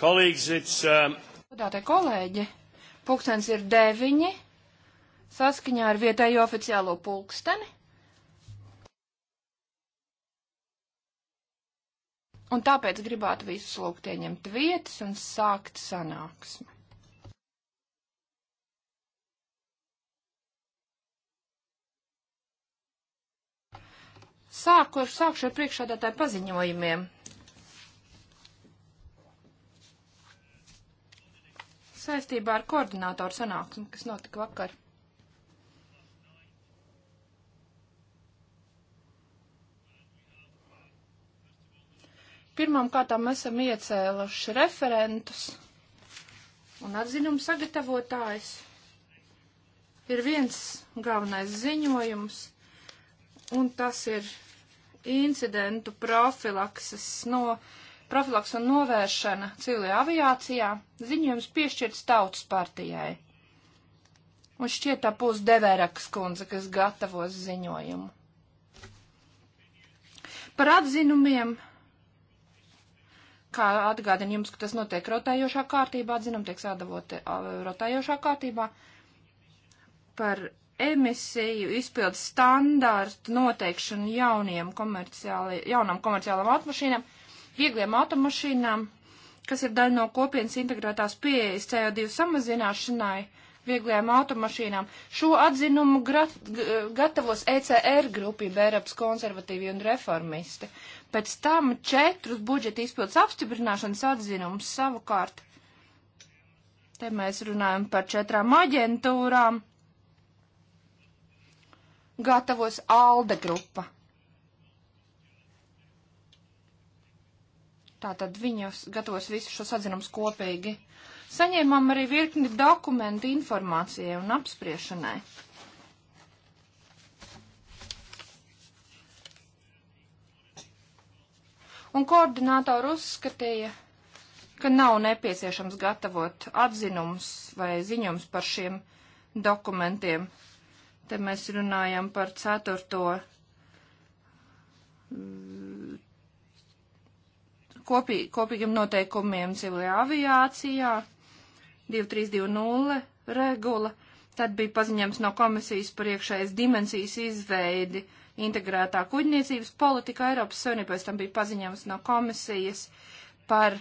Um, Godātie um... kolēģi, pulkstens ir deviņi, saskaņā ar vietējo oficiālo pulksteni. Un tāpēc gribētu visus lūgt ieņemt vietas un sākt sanāksmi. Sāku, sākšu ar priekšādātāju paziņojumiem. saistībā ar koordinātoru sanāksmi, kas notika vakar. Pirmām kārtām esam iecēluši referentus un atzinumu sagatavotājs. Ir viens galvenais ziņojums, un tas ir incidentu profilakses no profilaks un novēršana civilajā aviācijā, ziņojums piešķirts tautas partijai. Un šķiet tā būs Deverakas kundze, kas gatavos ziņojumu. Par atzinumiem, kā atgādina jums, ka tas notiek rotējošā kārtībā, atzinumi tiek sādavoti rotējošā kārtībā, par emisiju izpildu standārtu noteikšanu jauniem komerciāli, jaunam komerciālam automašīnām viegliem automašīnām, kas ir daļa no kopienas integrētās pieejas CO2 samazināšanai vieglajām automašīnām. Šo atzinumu grat, gatavos ECR grupība Eiropas konservatīvi un reformisti. Pēc tam četrus budžeta izpildes apstiprināšanas atzinumus savukārt. Te mēs runājam par četrām aģentūrām. Gatavos ALDE grupa. Tātad viņas gatavos visus šos atzinumus kopīgi. Saņēmām arī virkni dokumentu informācijai un apspriešanai. Un koordinātori uzskatīja, ka nav nepieciešams gatavot atzinumus vai ziņums par šiem dokumentiem. Te mēs runājam par ceturto kopī, kopīgiem noteikumiem civilajā aviācijā, 2320 regula, tad bija paziņams no komisijas par iekšējas dimensijas izveidi integrētā kuģniecības politika Eiropas Savienībā, pēc tam bija paziņams no komisijas par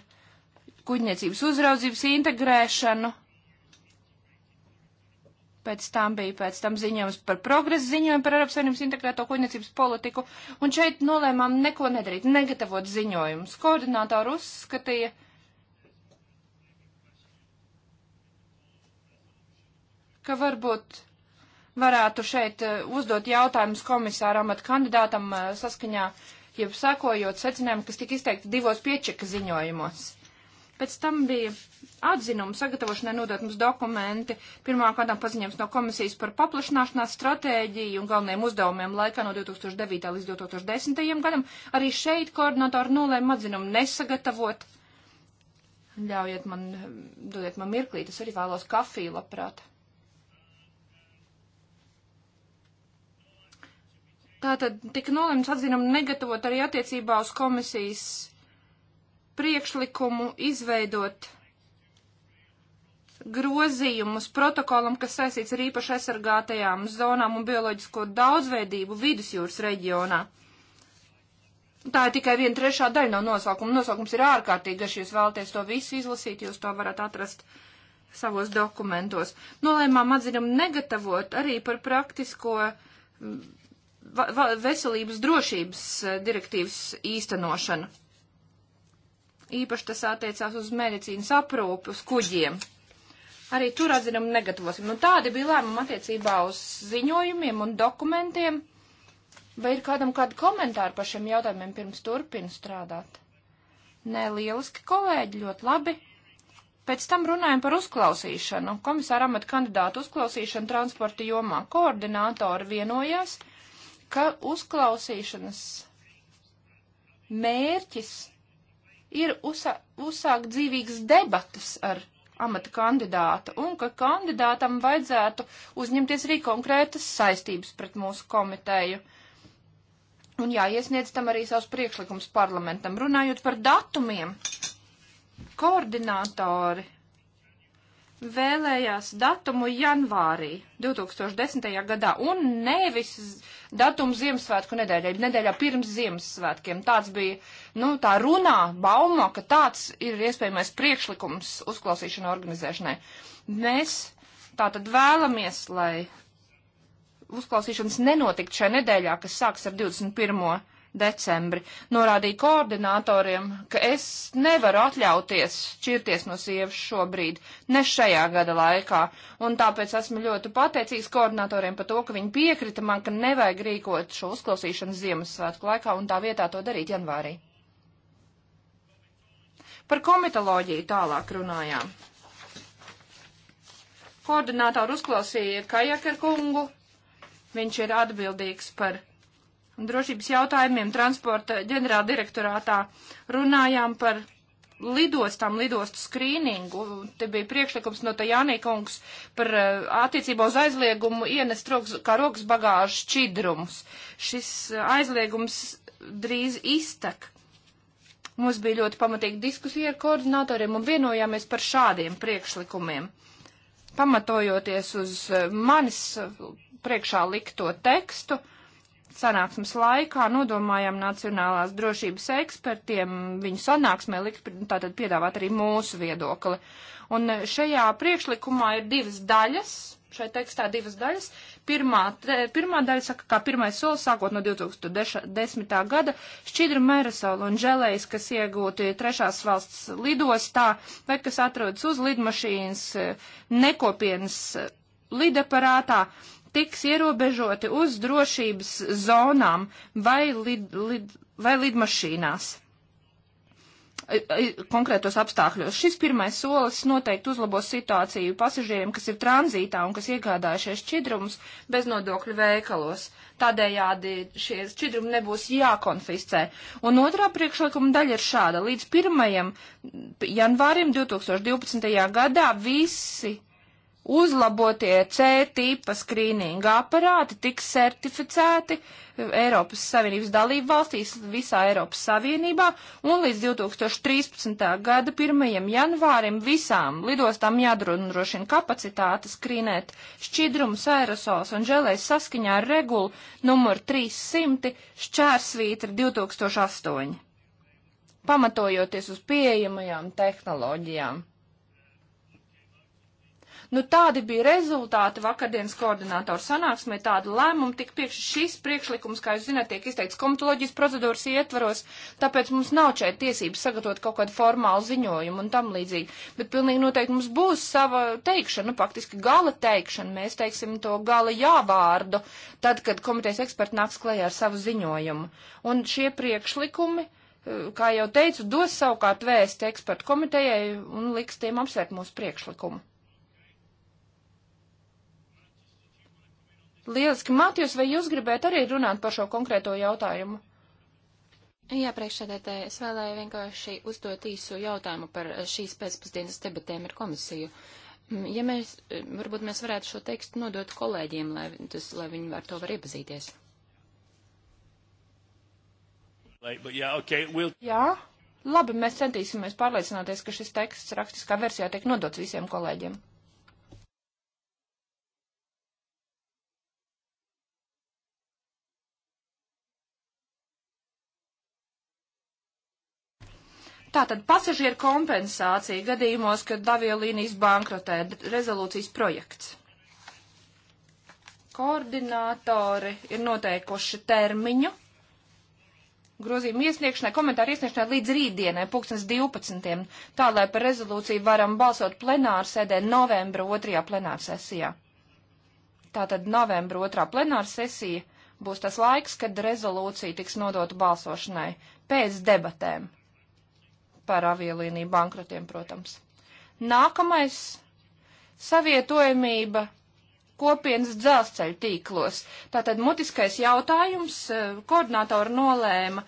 kuģniecības uzraudzības integrēšanu pēc tam bija pēc tam ziņojums par progresu ziņojumu par Eiropas Savienības integrēto kuģniecības politiku, un šeit nolēmām neko nedarīt, negatavot ziņojumus. Koordinātori uzskatīja, ka varbūt varētu šeit eh, uzdot jautājumus komisāra amata kandidātam eh, saskaņā, jeb sakojot secinājumu, kas tika izteikti divos piečeka ziņojumos. Pēc tam bija atzinuma sagatavošanai nodot mums dokumenti, pirmām kādām paziņojums no komisijas par paplašināšanās stratēģiju un galvenajiem uzdevumiem laikā no 2009. līdz 2010. gadam. Arī šeit koordinatori nolēma atzinumu nesagatavot. Ļaujiet man, dodiet man mirklīt, es arī vēlos kafiju labprāt. Tātad tika nolemts atzinumu negatavot arī attiecībā uz komisijas priekšlikumu izveidot grozījumus protokolam, kas saistīts ar īpaši aizsargātajām zonām un bioloģisko daudzveidību vidusjūras reģionā. Tā ir tikai viena trešā daļa no nosaukuma. Nosaukums ir ārkārtīgi, ja jūs vēlaties to visu izlasīt, jūs to varat atrast savos dokumentos. Nolēmām atzinumu negatavot arī par praktisko mm, veselības drošības eh, direktīvas īstenošanu. Īpaši tas attiecās uz medicīnas aprūpu, uz kuģiem. Arī tur atzinumu negatavosim. Nu, tādi bija lēmumi attiecībā uz ziņojumiem un dokumentiem. Vai ir kādam kādi komentāri par šiem jautājumiem pirms turpinu strādāt? Nē, lieliski kolēģi, ļoti labi. Pēc tam runājam par uzklausīšanu. Komisāra amata kandidātu uzklausīšanu transporta jomā koordinātori vienojās, ka uzklausīšanas mērķis ir uzsā, uzsākt dzīvīgas debatas ar amata kandidāta un ka kandidātam vajadzētu uzņemties arī konkrētas saistības pret mūsu komiteju. Un jāiesniedz tam arī savs priekšlikums parlamentam. Runājot par datumiem, koordinātori vēlējās datumu janvārī 2010. gadā un nevis datumu Ziemassvētku nedēļai, nedēļā pirms Ziemassvētkiem. Tāds bija uh, nu, tā runā, baumo, ka tāds ir iespējamais priekšlikums uzklausīšana organizēšanai. Mēs tā tad vēlamies, lai uzklausīšanas nenotikt šajā nedēļā, kas sāks ar 21. decembri, norādīja koordinatoriem, ka es nevaru atļauties šķirties no sievas šobrīd, ne šajā gada laikā, un tāpēc esmu ļoti pateicīgs koordinatoriem par to, ka viņi piekrita man, ka nevajag rīkot šo uzklausīšanu Ziemassvētku laikā un tā vietā to darīt janvārī. Par komitoloģiju tālāk runājām. Koordinātori uzklausīja Kajakar kungu. Viņš ir atbildīgs par drošības jautājumiem transporta ģenerāla direktorātā. Runājām par lidostām, lidostu skrīningu. Te bija priekšlikums no Tajānī kungs par eh, attiecībā uz aizliegumu ienest rokas, kā rokas bagāžu šķidrumus. Šis eh, aizliegums drīz iztek. Mums bija ļoti pamatīga diskusija ar koordinatoriem un vienojāmies par šādiem priekšlikumiem. Pamatojoties uz eh, manis eh, priekšā likto tekstu, sanāksmes laikā nodomājām nacionālās drošības ekspertiem, viņu sanāksmē likt, tātad piedāvāt arī mūsu viedokli. Un eh, šajā priekšlikumā ir divas daļas šai tekstā divas daļas. Pirmā, te, pirmā daļa saka, kā pirmais solis, sākot no 2010. gada, šķidra meresola un želejas, kas iegūti trešās valsts lidostā vai kas atrodas uz lidmašīnas nekopienas lidaparātā, tiks ierobežoti uz drošības zonām vai, lid, lid, vai lidmašīnās konkrētos apstākļos. Šis pirmais solis noteikti uzlabos situāciju pasažieriem, kas ir tranzītā un kas iegādājušies šķidrumus bez nodokļu veikalos. Tādējādi šie šķidrumi nebūs jākonfiscē. Un otrā priekšlikuma daļa ir šāda. Līdz 1. janvārim 2012. gadā visi uzlabotie C tipa skrīninga aparāti tiks certificēti Eiropas Savienības dalību valstīs visā Eiropas Savienībā, un līdz 2013. gada 1. janvārim visām lidostām jādrošina kapacitāte skrīnēt šķidrumus, aerosols un želēs saskaņā ar regulu numur 300 šķērsvītra 2008, pamatojoties uz pieejamajām tehnoloģijām. Nu, tādi bija rezultāti vakardienas koordinātoru sanāksmē, tāda lēmuma tik piekš šis priekšlikums, kā jūs zināt, tiek izteikts komitoloģijas procedūras ietvaros, tāpēc mums nav šeit tiesības sagatavot kaut kādu formālu ziņojumu un tam līdzīgi. Bet pilnīgi noteikti mums būs sava teikšana, faktiski gala teikšana, mēs teiksim to gala jāvārdu, tad, kad komitejas eksperti nāks klajā ar savu ziņojumu. Un šie priekšlikumi kā jau teicu, dos savukārt vēsti ekspertu komitejai un liks tiem apsvērt mūsu priekšlikumu. Lieliski, Matjus, vai jūs gribētu arī runāt par šo konkrēto jautājumu? Jā, priekšsēdētāji, es vēlēju vienkārši uzdot īsu jautājumu par šīs pēcpusdienas debatēm ar komisiju. Mm, ja mēs, mm, varbūt mēs varētu šo tekstu nodot kolēģiem, lai, tas, lai viņi ar to var iepazīties. Jā, okay, we'll... Jā, labi, mēs centīsimies pārliecināties, ka šis teksts rakstiskā versijā tiek nodots visiem kolēģiem. Tātad pasažieru kompensācija gadījumos, kad aviolīnijas bankrotē rezolūcijas projekts. Koordinātori ir noteikuši termiņu grozījumu iesniegšanai, komentāru iesniegšanai līdz rītdienai, pulkstens 12. Tā, lai par rezolūciju varam balsot plenāru sēdē novembra otrajā plenāru sesijā. Tātad novembra otrā plenāra sesija būs tas laiks, kad rezolūcija tiks nodota balsošanai pēc debatēm par avielīniju bankrotiem, protams. Nākamais - savietojamība kopienas dzelzceļa tīklos. Tātad mutiskais jautājums eh, koordinātori nolēma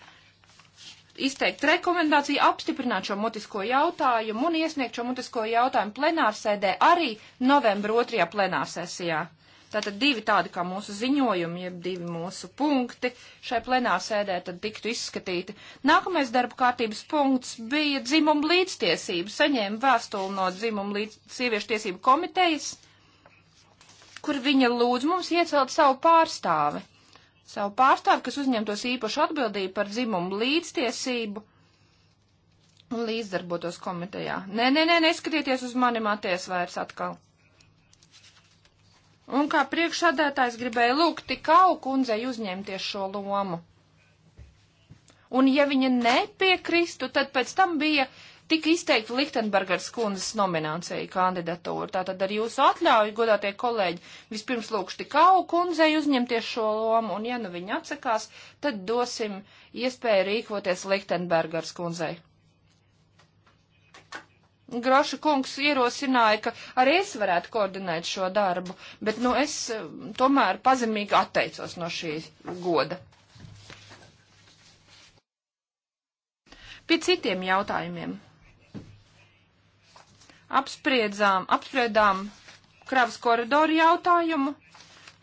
izteikt rekomendāciju apstiprināt šo mutisko jautājumu un iesniegt šo mutisko jautājumu plenārsēdē arī novembra otrajā plenārsesijā. Tātad divi tādi kā mūsu ziņojumi, jeb divi mūsu punkti šai plenārsēdē tad tiktu izskatīti. Nākamais darba kārtības punkts bija dzimuma līdztiesība. Saņēma vēstuli no dzimuma līdz sieviešu tiesību komitejas, kur viņa lūdz mums iecelt savu pārstāvi. Savu pārstāvi, kas uzņemtos īpašu atbildību par dzimumu līdztiesību un līdzdarbotos komitejā. Nē, nē, nē, neskatieties uz mani māties vairs atkal. Un kā priekšādātājs gribēja lūgt tikau kundzei uzņemties šo lomu. Un ja viņa nepiekristu, tad pēc tam bija tik izteikti Lichtenbergers kundzes nominācija kandidatūra. Tātad ar jūsu atļauju, godātie kolēģi, vispirms lūkšu tikau kundzei uzņemties šo lomu, un ja nu viņa atsakās, tad dosim iespēju rīkoties Lichtenbergers kundzei. Groša kungs ierosināja, ka arī es varētu koordinēt šo darbu, bet, nu, es eh, tomēr pazemīgi atteicos no šī goda. Pie citiem jautājumiem. Apspriedzām, apspriedām kravas koridoru jautājumu,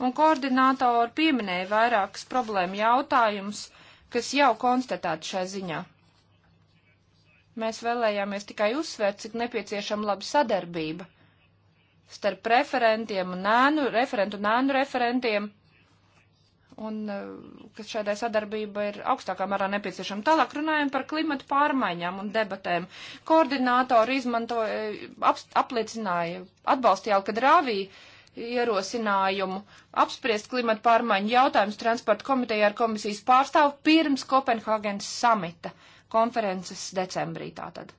un koordinātori pieminēja vairākas problēma jautājumus, kas jau konstatēti šai ziņā. Mēs vēlējāmies tikai uzsvērt, cik nepieciešama laba sadarbība starp referentiem un nēnu, referentu un nēnu referentiem, un ka šādai sadarbība ir augstākā mērā nepieciešama. Tālāk runājam par klimatu pārmaiņām un debatēm. Koordinātori izmantoja, eh, ap, apliecināja, atbalstīja Alkadrāvī ierosinājumu apspriest klimatu pārmaiņu jautājumus transporta komiteja ar komisijas pārstāvu pirms Kopenhāgenes samita. Uh, konferences decembrī tātad.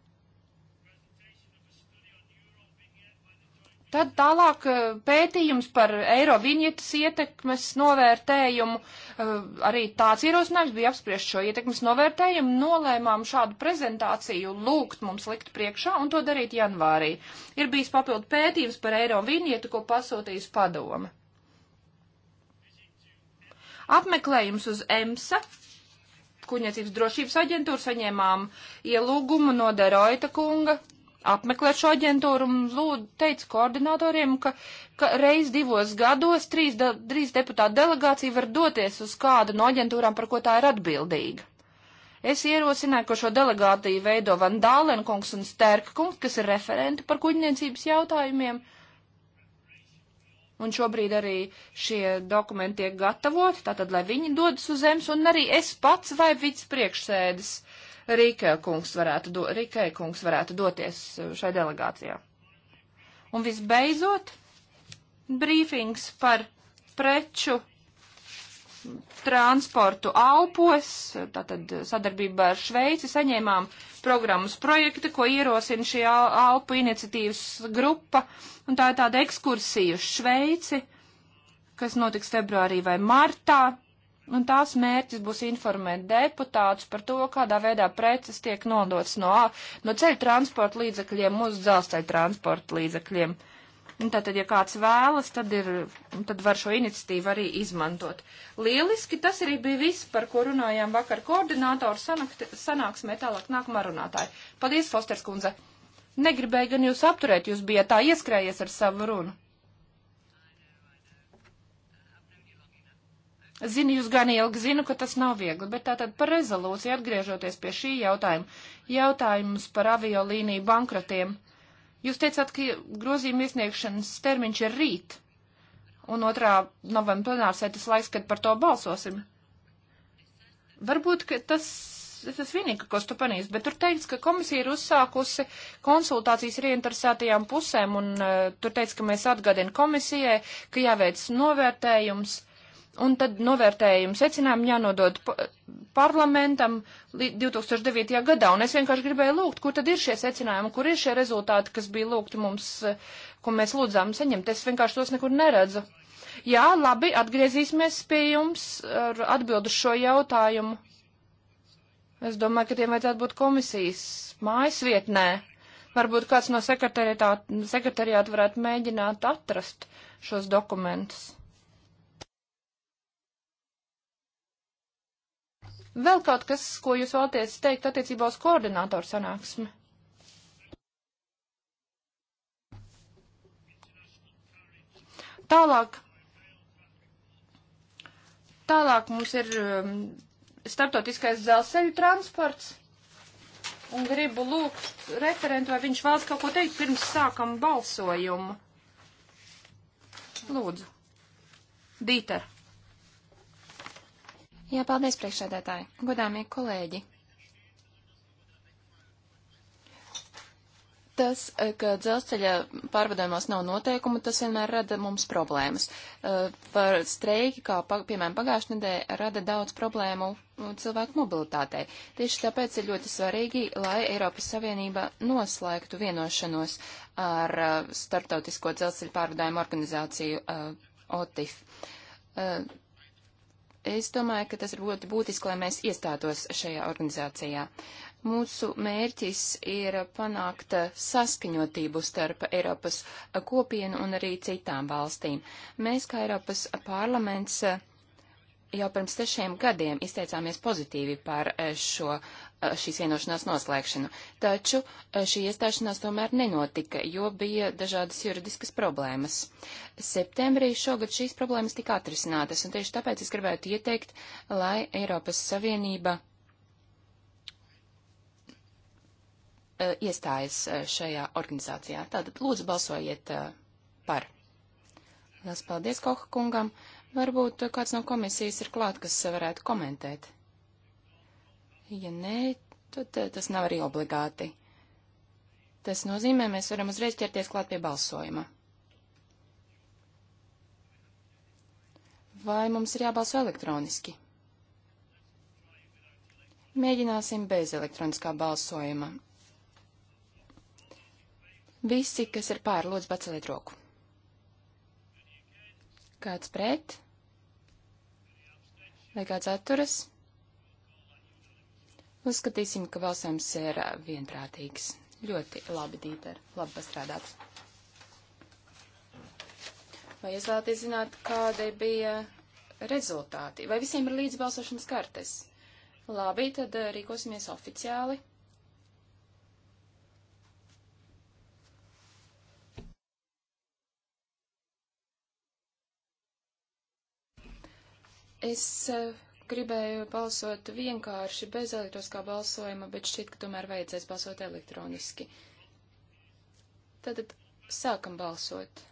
Tad tālāk eh, pētījums par eiro viņietas ietekmes novērtējumu, eh, arī tāds ierosinājums bija apspriest šo ietekmes novērtējumu, nolēmām šādu prezentāciju lūgt mums likt priekšā un to darīt janvārī. Ir bijis papildu pētījums par eiro viņietu, ko pasūtījis padome. Apmeklējums uz EMSA kuģniecības drošības aģentūru saņēmām ielūgumu no Deroita kunga apmeklēt šo aģentūru un lūdzu teica koordinatoriem, ka, ka reiz divos gados trīs, de, trīs deputāta delegācija var doties uz kādu no aģentūrām, par ko tā ir atbildīga. Es ierosināju, ka šo delegāciju veido Van Dālenkungs un Stērkkungs, kas ir referenti par kuģniecības jautājumiem. Uh, Un šobrīd arī šie dokumenti tiek gatavoti, tātad, lai viņi dodas uz zemes, un arī es pats vai vicepriekšsēdis Rīkē kungs, varētu do, Rīkē kungs varētu doties uh, šai delegācijā. Un visbeidzot, brīfings par preču transportu Alpos, tātad sadarbībā ar Šveici saņēmām programmas projektu, ko ierosina šī Alpu iniciatīvas grupa, un tā ir tāda ekskursija uz Šveici, kas notiks februārī vai martā, un tās mērķis būs informēt deputātus par to, kādā veidā preces tiek nodots no, no ceļu transporta līdzekļiem uz dzelzceļa transporta līdzekļiem. Un tātad, ja kāds vēlas, tad, ir, tad var šo iniciatīvu arī izmantot. Lieliski, tas arī bija viss, par ko runājām vakar koordinātoru sanakt, sanāksmē tālāk nākamā runātāja. Paldies, Fosters kundze. Negribēju gan jūs apturēt, jūs bijat tā ieskrējies ar savu runu. Zinu, jūs gan ilgi zinu, ka tas nav viegli, bet tātad par rezolūciju atgriežoties pie šī jautājuma. Jautājums par aviolīniju bankrotiem. Jūs teicāt, ka grozījuma iesniegšanas termiņš ir rīt, un 2. novembra plenārsē tas laiks, kad par to balsosim. Varbūt, ka tas, tas vienīgi, ko stupanīs, bet tur teikts, ka komisija ir uzsākusi konsultācijas ar ieinteresētajām pusēm, un uh, tur teikts, ka mēs atgādien komisijai, ka jāveic novērtējums un tad novērtējumu secinājumu jānodod parlamentam 2009. gadā. Un es vienkārši gribēju lūgt, kur tad ir šie secinājumi, kur ir šie rezultāti, kas bija lūgti mums, ko mēs lūdzām saņemt. Es vienkārši tos nekur neredzu. Jā, labi, atgriezīsimies pie jums ar atbildu šo jautājumu. Es domāju, ka tiem vajadzētu būt komisijas mājas vietnē. Varbūt kāds no sekretariāta varētu mēģināt atrast šos dokumentus. Vēl kaut kas, ko jūs vēlaties teikt attiecībā uz koordinātoru sanāksmi? Tālāk. Tālāk mums ir um, starptautiskais dzelzceļu transports. Un gribu lūgt referentu, vai viņš vēlas kaut ko teikt pirms sākam balsojumu. Lūdzu. Dīter. Jā, paldies priekšsēdētāji. Godāmie kolēģi. tas, ka dzelzceļa pārvadājumos nav noteikumu, tas vienmēr rada mums problēmas. Par streiki, kā piemēram pagājušajā nedēļā, rada daudz problēmu cilvēku mobilitātei. Tieši tāpēc ir ļoti svarīgi, lai Eiropas Savienība noslēgtu vienošanos ar Startautisko dzelzceļa pārvadājumu organizāciju OTIF. Es domāju, ka tas ir ļoti būtiski, lai mēs iestātos šajā organizācijā. Mūsu mērķis ir panākt saskaņotību starp Eiropas kopienu un arī citām valstīm. Mēs, kā Eiropas parlaments, jau pirms sešiem gadiem izteicāmies pozitīvi par e, šo, e, šīs vienošanās noslēgšanu, taču e, šī iestāšanās tomēr nenotika, jo bija dažādas juridiskas problēmas. Septembrī šogad šīs problēmas tika atrisinātas, un tieši tāpēc es gribētu ieteikt, lai Eiropas Savienība iestājas šajā organizācijā. Tātad lūdzu balsojiet par. Lielas paldies Koha kungam. Uh, Varbūt kāds no komisijas ir klāt, kas varētu komentēt. Ja nē, tad eh, tas nav arī obligāti. Tas nozīmē, mēs varam uzreiz ķerties klāt pie balsojuma. Vai mums ir jābalso elektroniski? Mēģināsim bez elektroniskā balsojuma. Visi, kas ir pār, lūdzu paceliet roku. Kāds pret? Vai kāds atturas? Uzskatīsim, ka balsojums ir vienprātīgs. Ļoti labi, Dīter, labi pastrādāts. Vai jūs vēlaties zināt, kādi bija rezultāti? Vai visiem ir līdz balsošanas kartes? Labi, tad rīkosimies oficiāli. Es eh, gribēju balsot vienkārši bez elektroniskā balsojuma, bet šķiet, ka tomēr vajadzēs balsot elektroniski. Tad sākam balsot.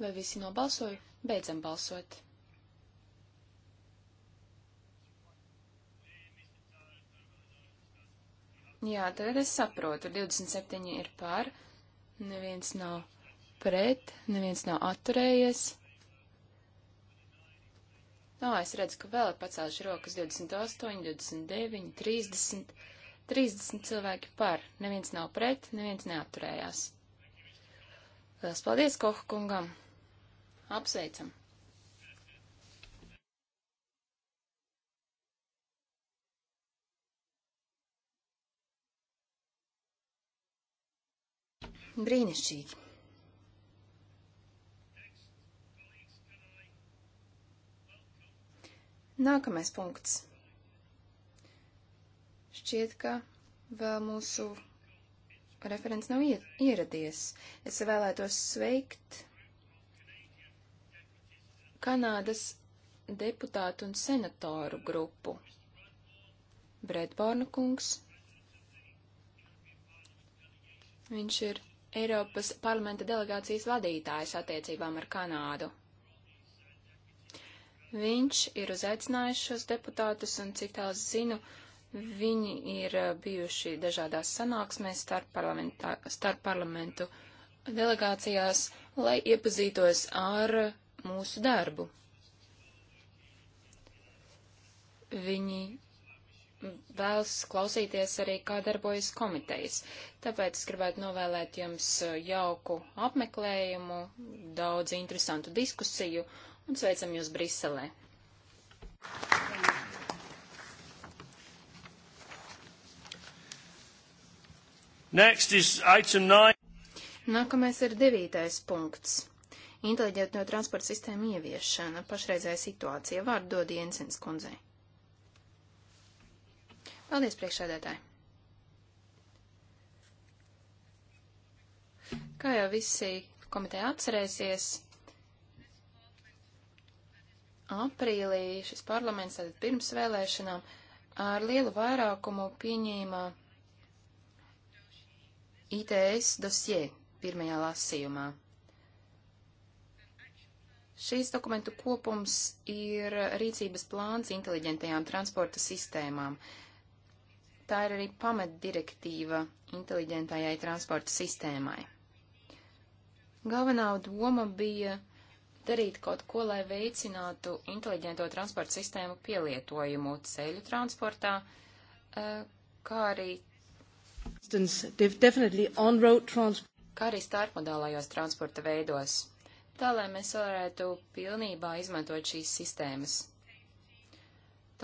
Vai visi nobalsoju? Beidzam balsot. Jā, tagad es saprotu. 27 ir pār, neviens nav pret, neviens nav atturējies. Nā, es redzu, ka vēl ir pacēluši rokas 28, 29, 30, 30 cilvēki par, neviens nav pret, neviens neatturējās. Lielas paldies Koha kungam! Apsveicam! Brīnišķīgi! Nākamais punkts. Šķiet, ka vēl mūsu referents nav ieradies. Es vēlētos sveikt Kanādas deputātu un senatoru grupu. Bredborna kungs. Viņš ir Eiropas parlamenta delegācijas vadītājs attiecībām ar Kanādu. Viņš ir uzaicinājis šos deputātus, un cik tās zinu, viņi ir uh, bijuši dažādās sanāksmēs starp, starp parlamentu delegācijās, lai iepazītos ar mūsu darbu. Viņi vēlas klausīties arī, kā darbojas komitejas. Tāpēc es gribētu novēlēt jums uh, jauku apmeklējumu, daudz interesantu diskusiju un sveicam jūs Briselē. Next is item 9. Nākamais ir devītais punkts. Inteliģento transporta sistēmu ieviešana pašreizējā situācija. Vārdu dod Jensens kundzei. Paldies, priekšsēdētāji! Kā jau visi komiteja atcerēsies, aprīlī šis parlaments, tātad pirms vēlēšanām, ar lielu vairākumu pieņēma ITS dosie pirmajā lasījumā. Šīs dokumentu kopums ir rīcības plāns inteliģentajām transporta sistēmām. Uh, Tā ir arī pamatdirektīva inteliģentajai transporta sistēmai. Galvenā doma bija darīt kaut ko, lai veicinātu inteliģento transporta sistēmu pielietojumu ceļu transportā, eh, kā arī, kā arī starpmodālajos transporta veidos, tā lai mēs varētu pilnībā izmantot šīs sistēmas.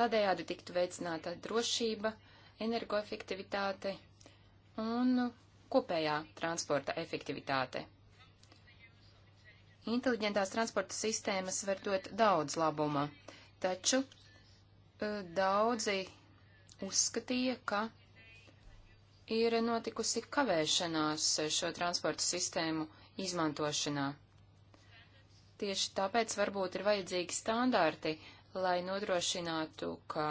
Tādējādi tiktu veicināta drošība, energoefektivitāte un kopējā transporta efektivitāte. Inteliģentās transporta sistēmas var dot daudz labuma, taču e, daudzi uzskatīja, ka ir notikusi kavēšanās šo transporta sistēmu izmantošanā. Tieši tāpēc varbūt ir vajadzīgi standārti, lai nodrošinātu, ka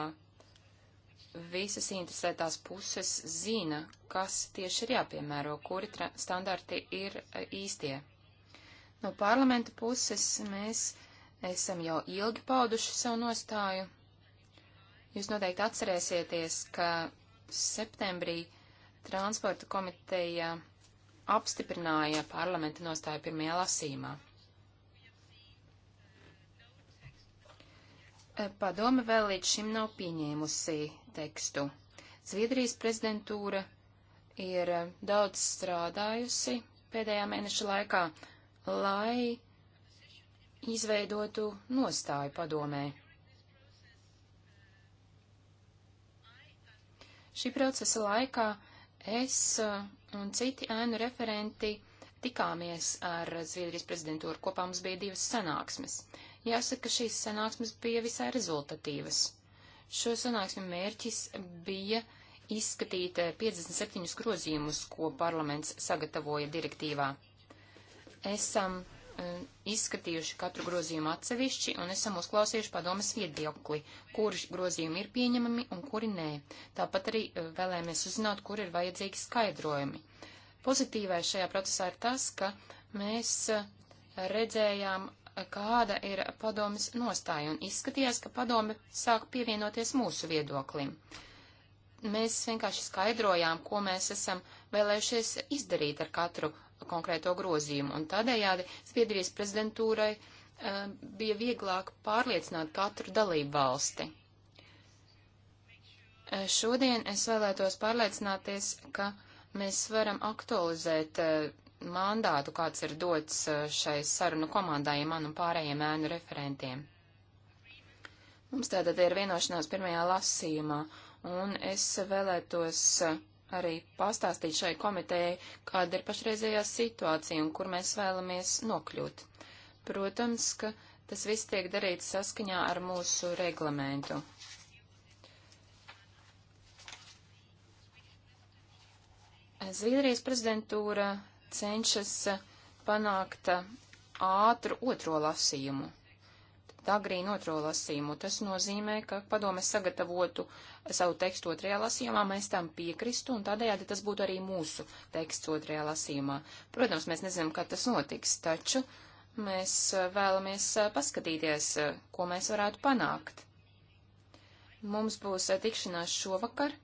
visas interesētās puses zina, kas tieši ir jāpiemēro, kuri standarti ir e, īstie. No parlamenta puses mēs esam jau ilgi pauduši savu nostāju. Jūs noteikti atcerēsieties, ka septembrī transporta komiteja apstiprināja parlamenta nostāju pirmajā lasīmā. E, padome vēl līdz šim nav pieņēmusi tekstu. Zviedrijas prezidentūra ir eh, daudz strādājusi pēdējā mēneša laikā, lai izveidotu nostāju padomē. Šī procesa laikā es eh, un citi ēnu referenti tikāmies ar Zviedrijas prezidentūru. Kopā mums bija divas sanāksmes. Jāsaka, šīs sanāksmes bija visai rezultatīvas. Šo sanāksmi mērķis bija izskatīt 57 eh, grozījumus, ko parlaments sagatavoja direktīvā. Esam eh, izskatījuši katru grozījumu atsevišķi un esam uzklausījuši padomas viedokli, kuri grozījumi ir pieņemami un kuri nē. Tāpat arī eh, vēlēmies uzzināt, kur ir vajadzīgi skaidrojumi. Pozitīvais šajā procesā ir tas, ka mēs redzējām kāda ir padomis nostāja, un izskatījās, ka padomi sāk pievienoties mūsu viedoklim. Mēs vienkārši skaidrojām, ko mēs esam vēlējušies izdarīt ar katru konkrēto grozījumu, un tādējādi Zviedrijas prezidentūrai uh, bija vieglāk pārliecināt katru dalību valsti. Uh, šodien es vēlētos pārliecināties, ka mēs varam aktualizēt uh, mandātu, kāds ir dots e, šai sarunu komandai, man un pārējiem ēnu referentiem. Mums tātad ir vienošanās pirmajā lasījumā, un es vēlētos e, arī pastāstīt šai komitejai, kāda ir pašreizējā situācija un kur mēs vēlamies nokļūt. Protams, ka tas viss tiek darīts saskaņā ar mūsu reglamentu. Zviedrijas prezidentūra cenšas eh, panākt eh, ātru otro lasījumu. Agrīnu otro lasījumu. Tas nozīmē, ka padome sagatavotu eh, savu tekstu otrajā lasījumā, mēs tam piekristu, un tādējādi tas būtu arī mūsu teksts otrajā lasījumā. Protams, mēs nezinām, kad tas notiks, taču mēs vēlamies paskatīties, ko mēs varētu panākt. Mums būs tikšanās šovakar.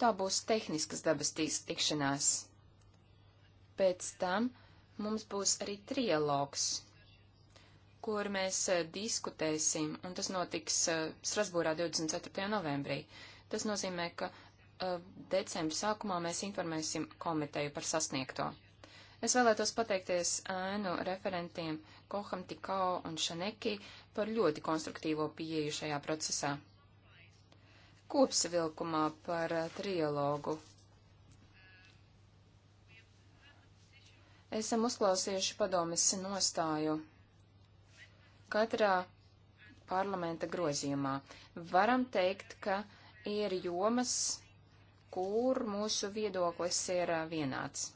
Tā būs tehniskas dabas tikšanās. Pēc tam mums būs arī trialogs, kur mēs eh, diskutēsim, un tas notiks eh, Strasbūrā 24. novembrī. Tas nozīmē, ka eh, decembra sākumā mēs informēsim komiteju par sasniegto. Es vēlētos pateikties ēnu referentiem Koham Tikao un Šaneki par ļoti konstruktīvo pieeju šajā procesā. Kopsavilkumā par trialogu Esam uzklausījuši padomis nostāju katrā parlamenta grozījumā. Varam teikt, ka ir jomas, kur mūsu viedoklis ir vienāds.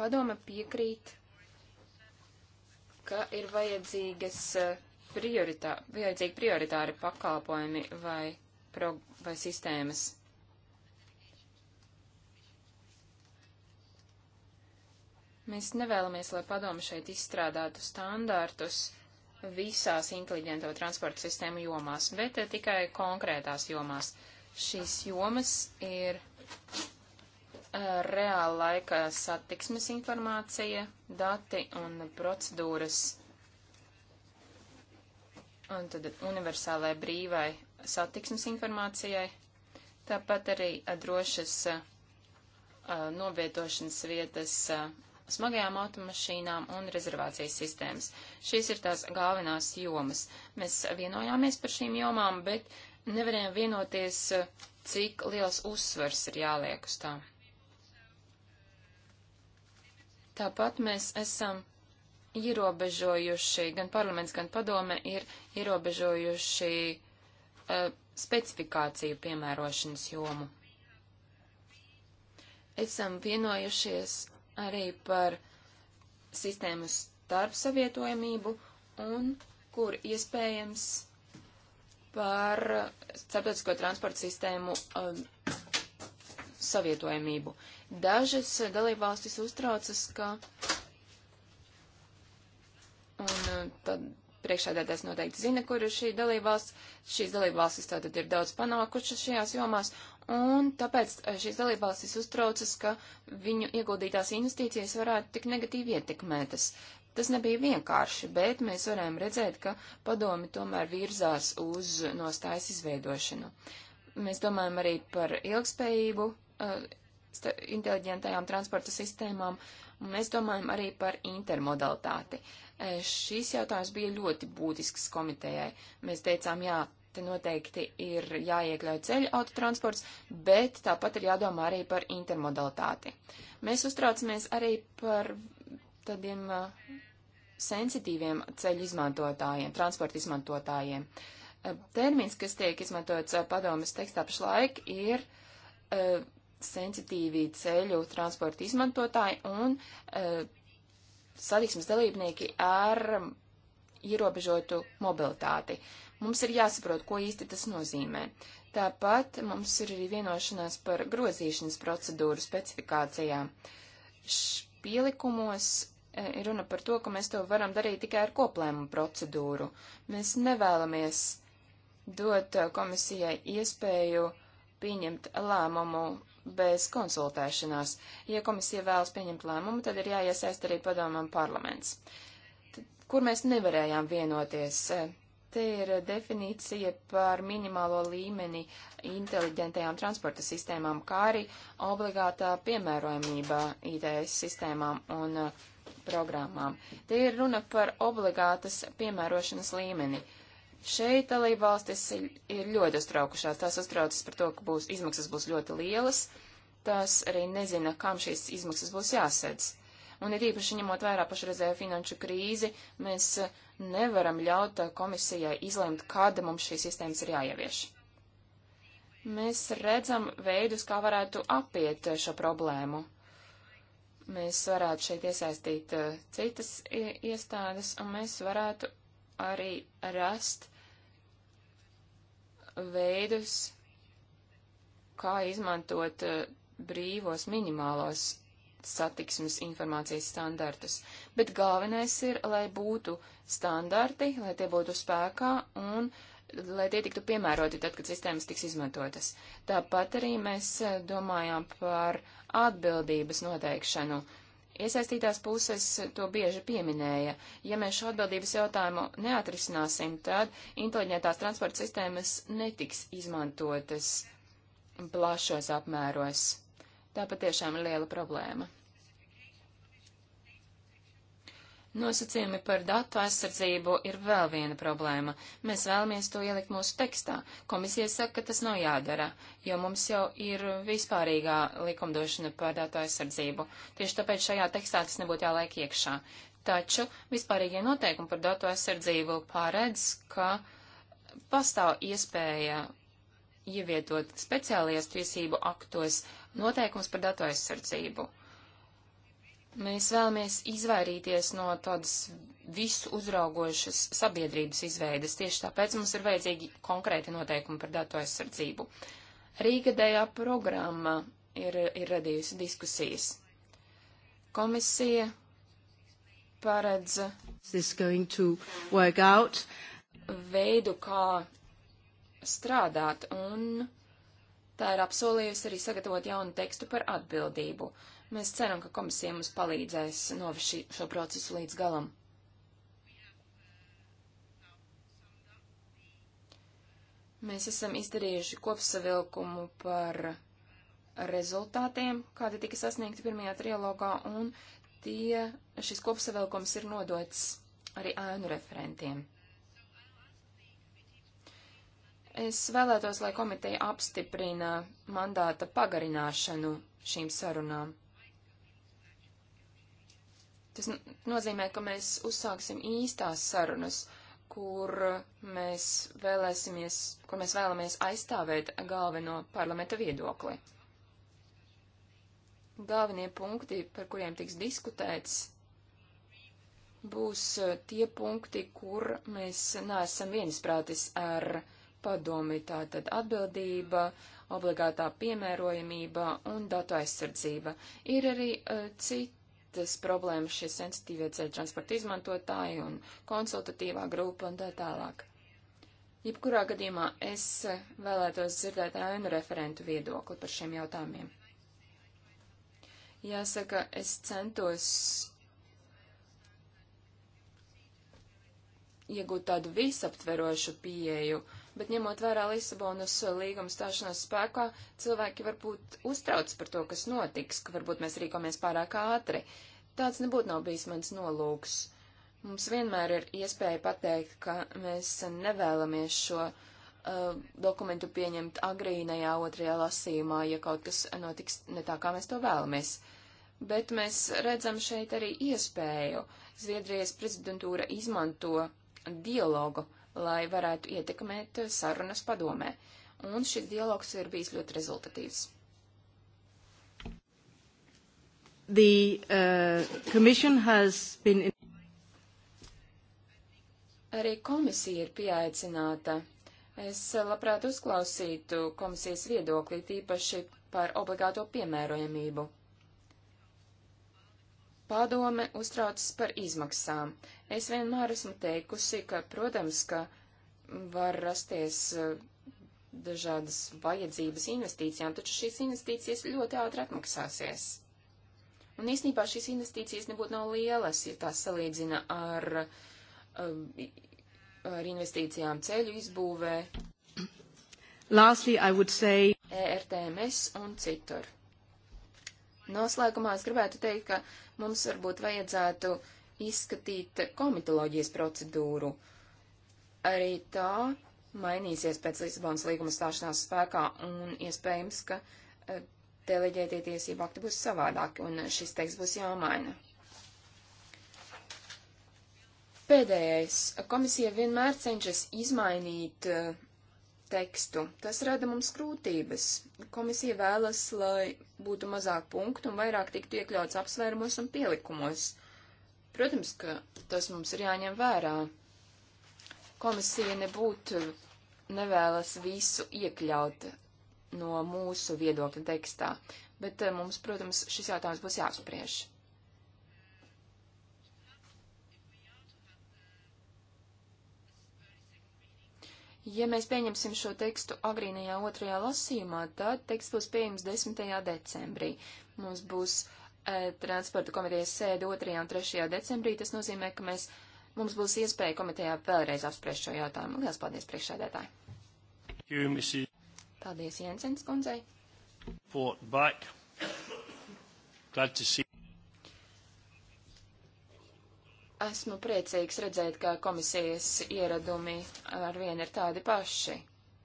Padome piekrīt, ka ir vajadzīgas prioritā, vajadzīgi prioritāri pakalpojumi vai, pro, vai sistēmas. Mēs nevēlamies, lai padomu šeit izstrādātu standārtus visās inteliģento transporta sistēmu jomās, bet eh, tikai konkrētās jomās. Šīs jomas ir eh, reāla laika satiksmes informācija, dati un procedūras, un tad universālai brīvai satiksmes informācijai, tāpat arī eh, drošas novietošanas vietas smagajām automašīnām un rezervācijas sistēmas. Šīs ir tās galvenās jomas. Mēs vienojāmies par šīm jomām, bet nevarējām vienoties, cik liels uzsvers ir jāliek uz tām. Tāpat mēs esam ierobežojuši, gan parlaments, gan padome ir ierobežojuši uh, specifikāciju piemērošanas jomu. Esam vienojušies arī par sistēmas starpsavietojamību un, kur iespējams, par starptautisko transportu sistēmu um, savietojamību. Dažas dalībvalstis uztraucas, ka, un uh, tad priekšādētājs noteikti zina, kur ir šī dalībvalsts, šīs dalībvalstis tātad ir daudz panākušas šajās jomās, un tāpēc eh, šīs dalībvalstis uztraucas, ka viņu ieguldītās investīcijas varētu tik negatīvi ietekmētas. Tas nebija vienkārši, bet mēs varējām redzēt, ka padomi tomēr virzās uz nostājas izveidošanu. Mēs domājam arī par ilgspējību eh, inteliģentajām transporta sistēmām, un mēs domājam arī par intermodalitāti. Eh, šis jautājums bija ļoti būtisks komitejai. Mēs teicām, jā, Te noteikti ir jāiekļauj ceļu autotransports, bet tāpat ir jādomā arī par intermodalitāti. Mēs uztraucamies arī par tādiem uh, sensitīviem ceļu izmantotājiem, transporta izmantotājiem. Uh, termins, kas tiek izmantots uh, padomas tekstā pašlaik, ir uh, sensitīvi ceļu transporta izmantotāji un uh, satiksmes dalībnieki ar um, ierobežotu mobilitāti. Mums ir jāsaprot, ko īsti tas nozīmē. Tāpat mums ir arī vienošanās par grozīšanas procedūru specifikācijām. Pielikumos e, ir runa par to, ka mēs to varam darīt tikai ar koplēmu procedūru. Mēs nevēlamies dot e, komisijai iespēju pieņemt lēmumu bez konsultēšanās. Ja komisija vēlas pieņemt lēmumu, tad ir jāiesaist arī padomam parlaments. Tad, kur mēs nevarējām vienoties, e, Te ir definīcija par minimālo līmeni inteliģentajām transporta sistēmām, kā arī obligātā piemērojamība ITS sistēmām un uh, programmām. Te ir runa par obligātas piemērošanas līmeni. Šeit dalībvalstis ir ļoti uztraukušās. Tās uztraucas par to, ka būs, izmaksas būs ļoti lielas. Tās arī nezina, kam šīs izmaksas būs jāsedz un ir īpaši ņemot vērā pašreizēju finanšu krīzi, mēs nevaram ļaut uh, komisijai izlemt, kāda mums šīs sistēmas ir jāievieš. Mēs redzam veidus, kā varētu apiet uh, šo problēmu. Mēs varētu šeit iesaistīt uh, citas iestādes, un mēs varētu arī rast veidus, kā izmantot brīvos minimālos satiksmes informācijas standartus, bet galvenais ir, lai būtu standarti, lai tie būtu spēkā un lai tie tiktu piemēroti tad, kad sistēmas tiks izmantotas. Tāpat arī mēs eh, domājām par atbildības noteikšanu. Iesaistītās puses to bieži pieminēja. Ja mēs šo atbildības jautājumu neatrisināsim, tad inteliģentās transporta sistēmas netiks izmantotas plašos apmēros. Tā patiešām ir liela problēma. Nosacījumi par datu aizsardzību ir vēl viena problēma. Mēs vēlamies to ielikt mūsu tekstā. Komisija saka, ka tas nav jādara, jo mums jau ir vispārīgā likumdošana par datu aizsardzību. Tieši tāpēc šajā tekstā tas nebūtu jālaik iekšā. Taču vispārīgie noteikumi par datu aizsardzību paredz, ka pastāv iespēja ievietot speciālajās tiesību aktos noteikums par datu aizsardzību. Mēs vēlamies izvairīties no tādas visu uzraugošas sabiedrības izveidas. Tieši tāpēc mums ir vajadzīgi konkrēti noteikumi par datu aizsardzību. Rīgadējā programma ir, ir radījusi diskusijas. Komisija paredz veidu, kā strādāt, un tā ir apsolījusi arī sagatavot jaunu tekstu par atbildību. Mēs ceram, ka komisija mums palīdzēs novest šo procesu līdz galam. Mēs esam izdarījuši kopsavilkumu par rezultātiem, kādi tika sasniegti pirmajā trilogā, un tie, šis kopsavilkums ir nodots arī ēnu referentiem. Es vēlētos, lai komiteja apstiprina mandāta pagarināšanu šīm sarunām. Tas nozīmē, ka mēs uzsāksim īstās sarunas, kur mēs vēlēsimies, kur mēs vēlamies aizstāvēt galveno parlamenta viedokli. Galvenie punkti, par kuriem tiks diskutēts, būs tie punkti, kur mēs neesam viensprātis ar uh, padomi tātad atbildība, obligātā piemērojamība un datu aizsardzība. Ir arī uh, citas problēmas šie sensitīvie ceļu transporta izmantotāji un konsultatīvā grupa un tā tālāk. Jebkurā gadījumā es eh, vēlētos dzirdēt ēnu referentu viedokli par šiem jautājumiem. Jāsaka, es centos iegūt tādu visaptverošu pieeju uh, bet ņemot vērā Lisabonas līguma stāšanās spēkā, cilvēki varbūt uztrauc par to, kas notiks, ka varbūt mēs rīkomies pārāk ātri. Tāds nebūtu nav bijis mans nolūks. Mums vienmēr ir iespēja pateikt, ka mēs nevēlamies šo uh, dokumentu pieņemt agrīnajā otrajā lasījumā, ja kaut kas notiks ne tā, kā mēs to vēlamies. Bet mēs redzam šeit arī iespēju. Zviedrijas prezidentūra izmanto dialogu uh, lai varētu ietekmēt sarunas padomē. Un šis dialogs ir bijis ļoti rezultatīvs. The, uh, been... Arī komisija ir pieaicināta. Es labprāt uzklausītu komisijas viedokli, tīpaši par obligāto piemērojamību. Padome uztraucas par izmaksām. Es vienmēr esmu teikusi, ka, protams, ka var rasties eh, dažādas vajadzības investīcijām, taču šīs investīcijas ļoti ātri atmaksāsies. Un īstenībā šīs investīcijas nebūtu nav lielas, ja tās salīdzina ar, eh, ar investīcijām ceļu izbūvē, Lastly, I would say ERTMS un citur. Noslēgumā es gribētu teikt, ka mums varbūt vajadzētu izskatīt komitoloģijas procedūru. Arī tā mainīsies pēc Lisabonas līguma stāšanās spēkā un iespējams, ka e, deleģētie tiesību akti būs savādāki un šis teksts būs jāmaina. Pēdējais. Komisija vienmēr cenšas izmainīt uh, tekstu. Tas rada mums grūtības. Komisija vēlas, lai būtu mazāk punktu un vairāk tiktu iekļauts apsvērumos un pielikumos. Protams, ka tas mums ir jāņem vērā. Komisija nebūtu nevēlas visu iekļaut no mūsu viedokļa tekstā, bet eh, mums, protams, šis jautājums būs jāspriež. Ja mēs pieņemsim šo tekstu agrīnajā otrajā lasījumā, tad teksts būs pieejams 10. decembrī. Mums būs e, transporta komitejas sēde 2. un 3. decembrī. Tas nozīmē, ka mēs, mums būs iespēja komitejā vēlreiz apspriest šo jautājumu. Lielas paldies priekšsēdētāji! Paldies Jensens kundzei! Glad to see. Esmu priecīgs redzēt, ka komisijas ieradumi ar vienu ir tādi paši.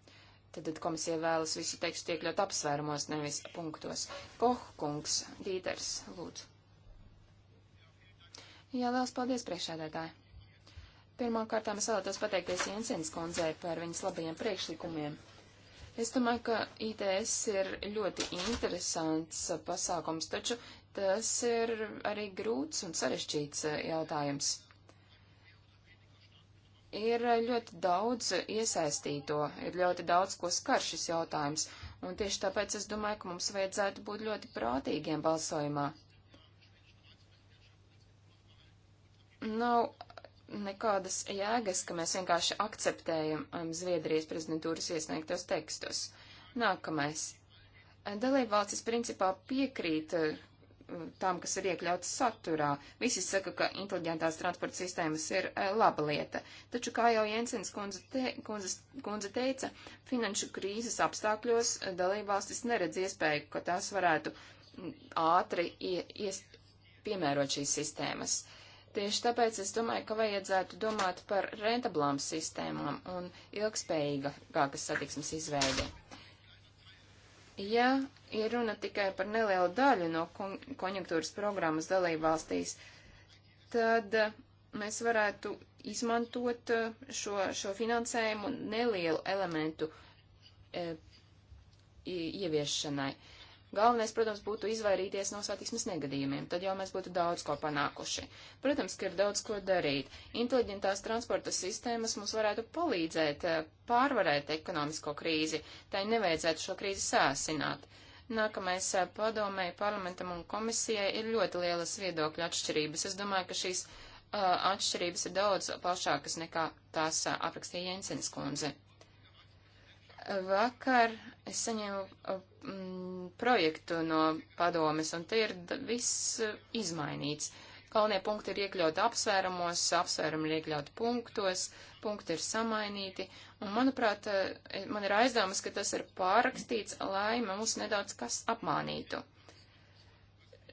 Tad, tad komisija vēlas visu tekstu iekļaut apsvērumos, nevis punktos. Kohkungs, Dīters, lūdzu. Jā, liels paldies, priekšēdētāji. Pirmkārt, es vēlētos pateikties Jensens kundzei par viņas labajiem priekšlikumiem. Es domāju, ka ITS ir ļoti interesants pasākums, taču tas ir arī grūts un sarežģīts eh, jautājums. Ir eh, ļoti daudz iesaistīto, ir ļoti daudz, ko skar šis jautājums, un tieši tāpēc es domāju, ka mums vajadzētu būt ļoti prātīgiem balsojumā. Nav nekādas jēgas, ka mēs vienkārši akceptējam um, Zviedrijas prezidentūras iesniegtos tekstus. Nākamais. Dalībvalstis principā piekrīt eh, tām, kas ir iekļautas saturā. Visi saka, ka inteliģentās transporta sistēmas ir e, laba lieta. Taču, kā jau Jensens kundze, te, kundze, kundze teica, finanšu krīzes apstākļos eh, dalībvalstis neredz iespēju, ka tās varētu mm, ātri ie, ies, piemērot šīs sistēmas. Tieši tāpēc es domāju, ka vajadzētu domāt par rentablām sistēmām un ilgspējīgākas satiksmes izveidi. Ja ir runa tikai par nelielu daļu no konjunktūras programmas dalībvalstīs, tad eh, mēs varētu izmantot eh, šo, šo finansējumu nelielu elementu e, ieviešanai. E, Galvenais, protams, būtu izvairīties no satiksmes negadījumiem, tad jau mēs būtu daudz ko panākuši. Protams, ka ir daudz ko darīt. Inteliģentās transporta sistēmas mums varētu palīdzēt eh, pārvarēt ekonomisko krīzi, tai nevajadzētu šo krīzi sāsināt. Nākamais eh, padomē parlamentam un komisijai ir ļoti lielas viedokļu atšķirības. Es domāju, ka šīs uh, atšķirības ir daudz plašākas nekā tās uh, aprakstīja Jensenis kundze. Vakar es saņēmu uh, mm, projektu no padomes, un te ir viss uh, izmainīts. Galvenie punkti ir iekļauti apsvērumos, apsvērumi ir iekļauti punktos, punkti ir samainīti, un, manuprāt, uh, e, man ir aizdomas, ka tas ir pārrakstīts, lai mums nedaudz kas apmānītu.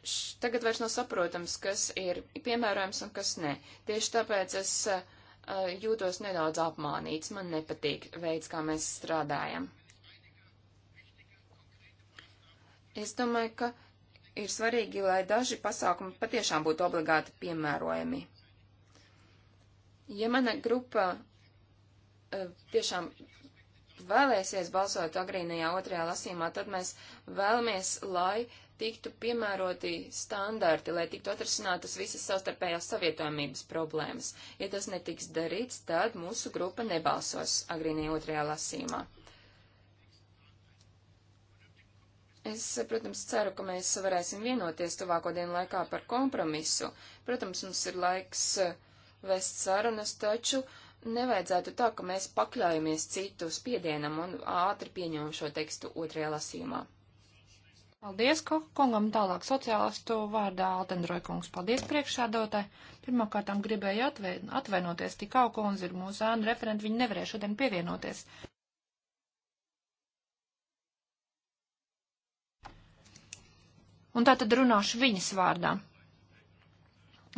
Š, tagad vairs nav saprotams, kas ir piemērojams un kas nē. Tieši tāpēc es uh, Eh, jūtos nedaudz apmānīts, man nepatīk veids, kā mēs strādājam. Es domāju, ka ir svarīgi, lai daži pasākumi patiešām būtu obligāti piemērojami. Ja mana grupa eh, tiešām vēlēsies balsot agrīnajā otrajā lasīmā, tad mēs vēlamies, lai tiktu piemēroti standarti, lai tiktu atrasinātas visas savstarpējās savietojamības problēmas. Ja tas netiks darīts, tad mūsu grupa nebalsos agrīnī otrajā lasīmā. Es, protams, ceru, ka mēs varēsim vienoties tuvāko dienu laikā par kompromisu. Protams, mums ir laiks eh, vest sarunas, taču nevajadzētu tā, ka mēs pakļaujamies citu spiedienam un ātri pieņemam šo tekstu otrajā lasījumā. Paldies, kungam tālāk sociālistu vārdā Altendroja kungs. Paldies priekšsādotē. Pirmkārtām gribēju atvein, atvainoties, tik augu kundze ir mūsu ēnu referenti, viņi nevarēja šodien pievienoties. Un tā tad runāšu viņas vārdā.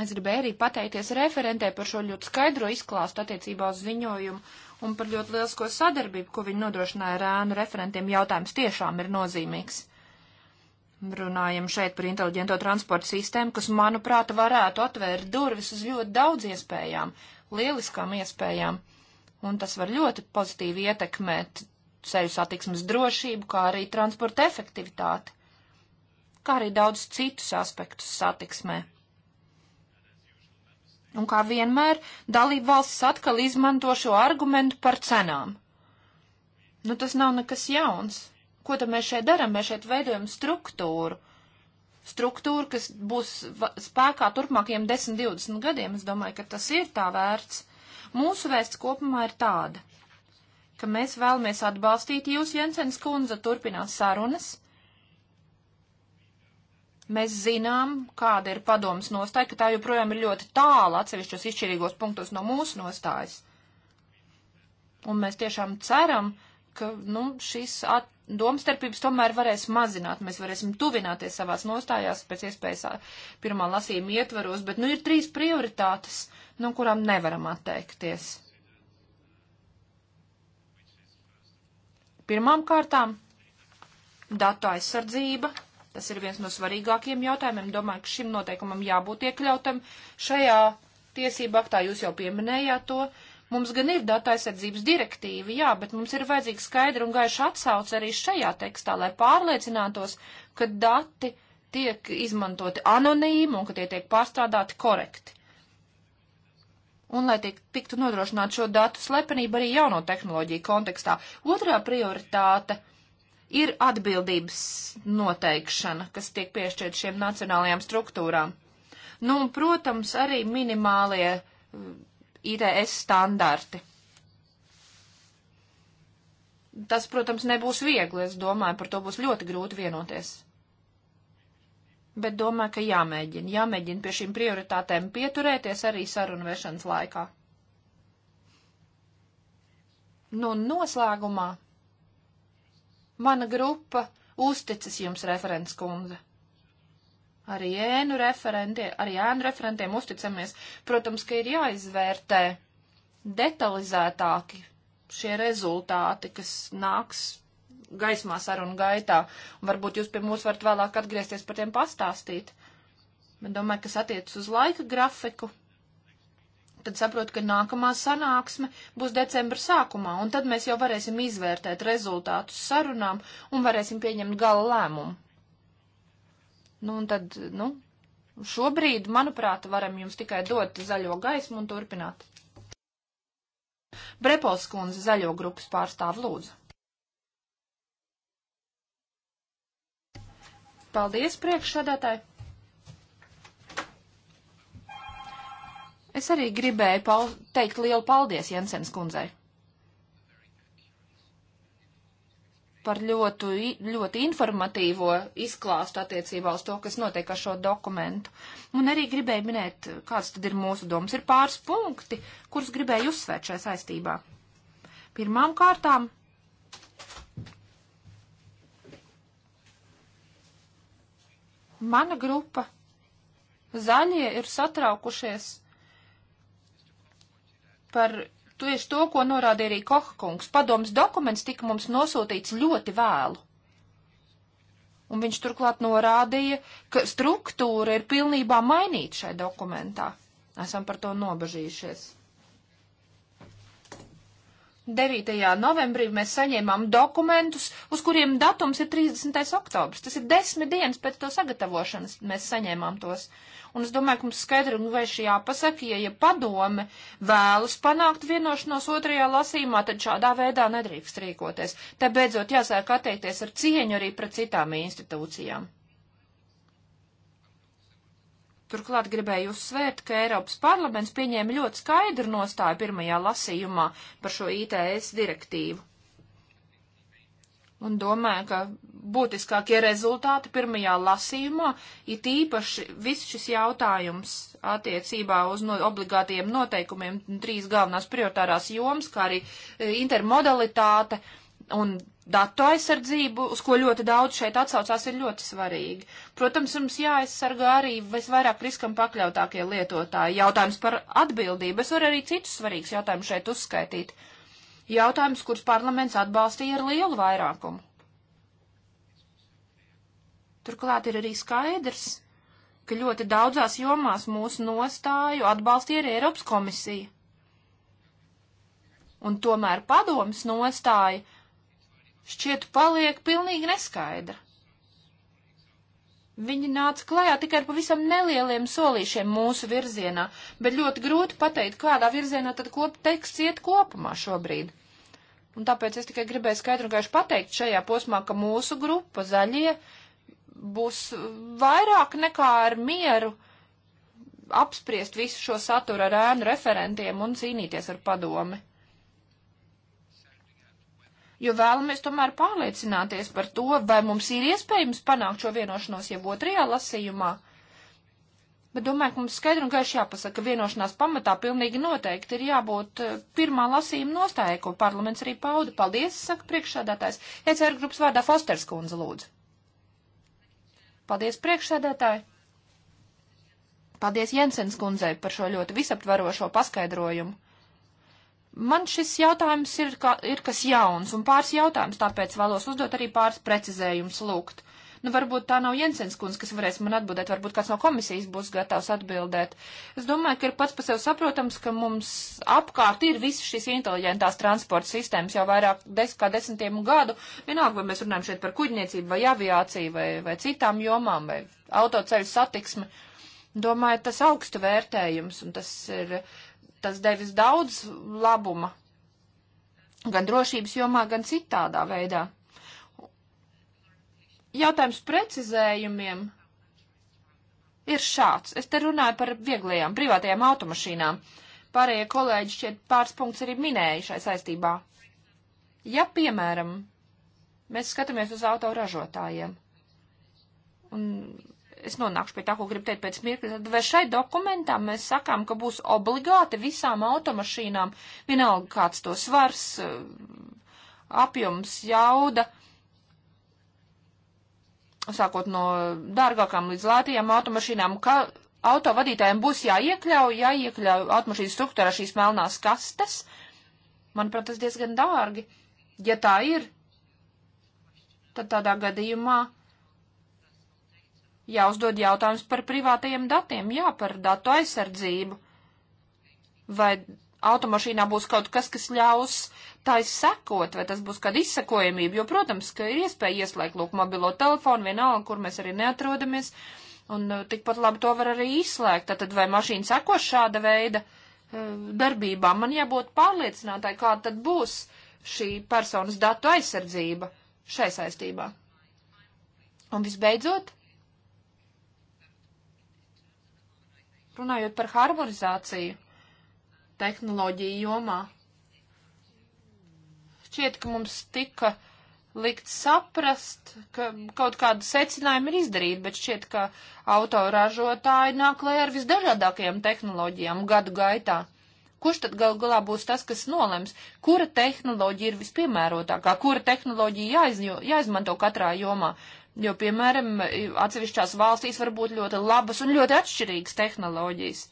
Es gribēju arī pateikties referentē par šo ļoti skaidro izklāstu attiecībā uz ziņojumu un par ļoti lielisko sadarbību, ko viņi nodrošināja ar ēnu referentiem. Jautājums tiešām ir nozīmīgs. Runājam šeit par inteliģento transporta sistēmu, kas, manuprāt, varētu atvērt durvis uz ļoti daudz iespējām, lieliskām iespējām, un tas var ļoti pozitīvi ietekmēt ceļu satiksmes drošību, kā arī transporta efektivitāti, kā arī daudz citus aspektus satiksmē. Un kā vienmēr, dalību valstis atkal izmanto šo argumentu par cenām. Nu, tas nav nekas jauns. Ko tad mēs šeit darām? Mēs šeit veidojam struktūru. Struktūru, kas būs spēkā turpmākajiem 10-20 gadiem. Es domāju, ka tas ir tā vērts. Mūsu vēsts kopumā ir tāda, ka mēs vēlamies atbalstīt jūs, Jensens kundze, turpinās sarunas. Mēs zinām, kāda ir padomas nostāja, ka tā joprojām ir ļoti tāla atsevišķos izšķirīgos punktos no mūsu nostājas. Un mēs tiešām ceram, ka nu, šis at, domstarpības tomēr varēs mazināt. Mēs varēsim tuvināties savās nostājās pēc iespējas pirmā lasījuma ietvaros, bet nu ir trīs prioritātes, no kurām nevaram atteikties. Pirmām kārtām datu aizsardzība. Tas ir viens no svarīgākajiem jautājumiem. Domāju, ka šim noteikumam jābūt iekļautam šajā tiesību aktā. Jūs jau pieminējāt to. Uh, Mums gan ir data aizsardzības direktīva, jā, bet mums ir vajadzīga skaidra un gaiša atsauce arī šajā tekstā, lai pārliecinātos, ka dati tiek izmantoti anonīmi un ka tie tiek pārstrādāti korekti. Un, lai tiek tiktu nodrošināt šo datu slepenību arī jauno tehnoloģiju kontekstā. Otrā prioritāte ir atbildības noteikšana, kas tiek piešķirt šiem nacionālajām struktūrām. Nu, un, protams, arī minimālie ITS standarti. Tas, protams, nebūs viegli, es domāju, par to būs ļoti grūti vienoties. Bet domāju, ka jāmēģina, jāmēģina pie šīm prioritātēm pieturēties arī sarunu vešanas laikā. Nu, noslēgumā mana grupa uzticas jums, referents kundze arī ēnu referentiem, arī ēnu referentiem uzticamies. Protams, ka ir jāizvērtē detalizētāki šie rezultāti, kas nāks gaismā sarunu gaitā. Un varbūt jūs pie mums varat vēlāk atgriezties par tiem pastāstīt. Bet domāju, kas attiecas uz laika grafiku, tad saprotu, ka nākamā sanāksme būs decembra sākumā, un tad mēs jau varēsim izvērtēt rezultātus sarunām un varēsim pieņemt gala lēmumu. Nu, un tad, nu, šobrīd, manuprāt, varam jums tikai dot zaļo gaismu un turpināt. Brepols kundze zaļo grupas pārstāv lūdzu. Paldies, priekšsādātāji! Es arī gribēju teikt lielu paldies Jensens kundzei. par ļoti, ļoti informatīvo izklāstu attiecībā uz to, kas notiek ar šo dokumentu. Un arī gribēju minēt, kāds tad ir mūsu domas. Ir pāris punkti, kurus gribēju uzsvērt šai saistībā. Pirmām kārtām. Mana grupa zaļie ir satraukušies par Tieši to, ko norādīja arī Kohkungs, padoms dokuments tika mums nosūtīts ļoti vēlu. Un viņš turklāt norādīja, ka struktūra ir pilnībā mainīta šai dokumentā. Esam par to nobežījušies. 9. novembrī mēs saņēmām dokumentus, uz kuriem datums ir 30. oktobrs. Tas ir desmit dienas pēc to sagatavošanas mēs saņēmām tos. Un es domāju, ka mums skaidri un nu, gaiši jāpasaka, ja, ja padome vēlas panākt vienošanos otrajā lasīmā, tad šādā veidā nedrīkst rīkoties. Te beidzot jāsāk attiekties ar cieņu arī pret citām institūcijām. Turklāt gribēju uzsvērt, ka Eiropas parlaments pieņēma ļoti skaidru nostāju pirmajā lasījumā par šo ITS direktīvu. Un domāju, ka būtiskākie rezultāti pirmajā lasījumā ir tīpaši viss šis jautājums attiecībā uz no, obligātiem noteikumiem, trīs galvenās prioritārās jomas, kā arī e, intermodalitāte un datu aizsardzību, uz ko ļoti daudz šeit atsaucās, ir ļoti svarīgi. Protams, mums jāaizsargā arī visvairāk riskam pakļautākie lietotāji. Jautājums par atbildību. Es varu arī citus svarīgus jautājumus šeit uzskaitīt. Jautājums, kurus parlaments atbalstīja ar lielu vairākumu. Turklāt ir arī skaidrs, ka ļoti daudzās jomās mūsu nostāju atbalstīja arī Eiropas komisija. Un tomēr padomas nostāja šķiet paliek pilnīgi neskaidra. Viņi nāca klajā tikai ar pavisam nelieliem solīšiem mūsu virzienā, bet ļoti grūti pateikt, kādā virzienā tad kop teksts iet kopumā šobrīd. Un tāpēc es tikai gribēju skaidru un gaišu pateikt šajā posmā, ka mūsu grupa zaļie būs vairāk nekā ar mieru apspriest visu šo saturu ar ēnu referentiem un cīnīties ar padomi jo vēlamies tomēr pārliecināties par to, vai mums ir iespējams panākt šo vienošanos jau otrajā lasījumā. Bet domāju, ka mums skaidri un gaiši jāpasaka, ka vienošanās pamatā pilnīgi noteikti ir jābūt eh, pirmā lasījuma nostājai, ko parlaments arī pauda. Paldies, saka priekšsādātājs. ECR grupas vārdā Fosters kundze lūdzu. Paldies priekšsādātāji. Paldies Jensens kundzei par šo ļoti visaptvarošo paskaidrojumu. Man šis jautājums ir, ka, ir kas jauns un pāris jautājums, tāpēc vēlos uzdot arī pāris precizējums lūgt. Nu, varbūt tā nav Jensens kundze, kas varēs man atbildēt, varbūt kāds no komisijas būs gatavs atbildēt. Es domāju, ka ir pats par sevi saprotams, ka mums apkārt ir visas šīs inteliģentās transporta sistēmas jau vairāk des, kā desmitiem gadu. Vienalga, vai mēs runājam šeit par kuģniecību vai aviāciju vai, vai citām jomām vai autoceļu satiksmi. Domāju, tas augstu vērtējums un tas ir. Uh, tas devis daudz labuma, gan drošības jomā, gan citādā veidā. Jautājums precizējumiem ir šāds. Es te runāju par vieglajām privātajām automašīnām. Pārējie kolēģi šķiet pāris punkts arī minēja šai saistībā. Ja, piemēram, mēs skatāmies uz autoražotājiem un es nonākšu pie tā, ko gribu teikt pēc mirkļa, tad vai šai dokumentā mēs sakām, ka būs obligāti visām automašīnām, vienalga kāds to svars, eh, apjoms, jauda, sākot no dārgākām līdz lētajām automašīnām, ka autovadītājiem būs jāiekļauj, jāiekļauj automašīnas struktūrā šīs melnās kastes. Manuprāt, tas diezgan dārgi. Ja tā ir, tad tādā gadījumā jāuzdod jautājums par privātajiem datiem, jā, par datu aizsardzību. Vai automašīnā būs kaut kas, kas ļaus tai sekot, vai tas būs kāda izsekojamība, jo, protams, ka ir iespēja ieslēgt, lūk, mobilo telefonu, vienalga, kur mēs arī neatrodamies, un uh, tikpat labi to var arī izslēgt. Tātad vai mašīna seko šāda veida uh, darbībām? Man jābūt pārliecinātai, kā tad būs šī personas datu aizsardzība šai saistībā. Un visbeidzot, Runājot par harmonizāciju tehnoloģiju jomā, šķiet, ka mums tika likt saprast, ka kaut kāda secinājuma ir izdarīta, bet šķiet, ka autoražotāji nāk lē ar visdažādākajām tehnoloģijām gadu gaitā. Kurš tad gal galā būs tas, kas nolems, kura tehnoloģija ir vispiemērotākā, kura tehnoloģija jāiz, jāizmanto katrā jomā? Jo, piemēram, atsevišķās valstīs var būt ļoti labas un ļoti atšķirīgas tehnoloģijas.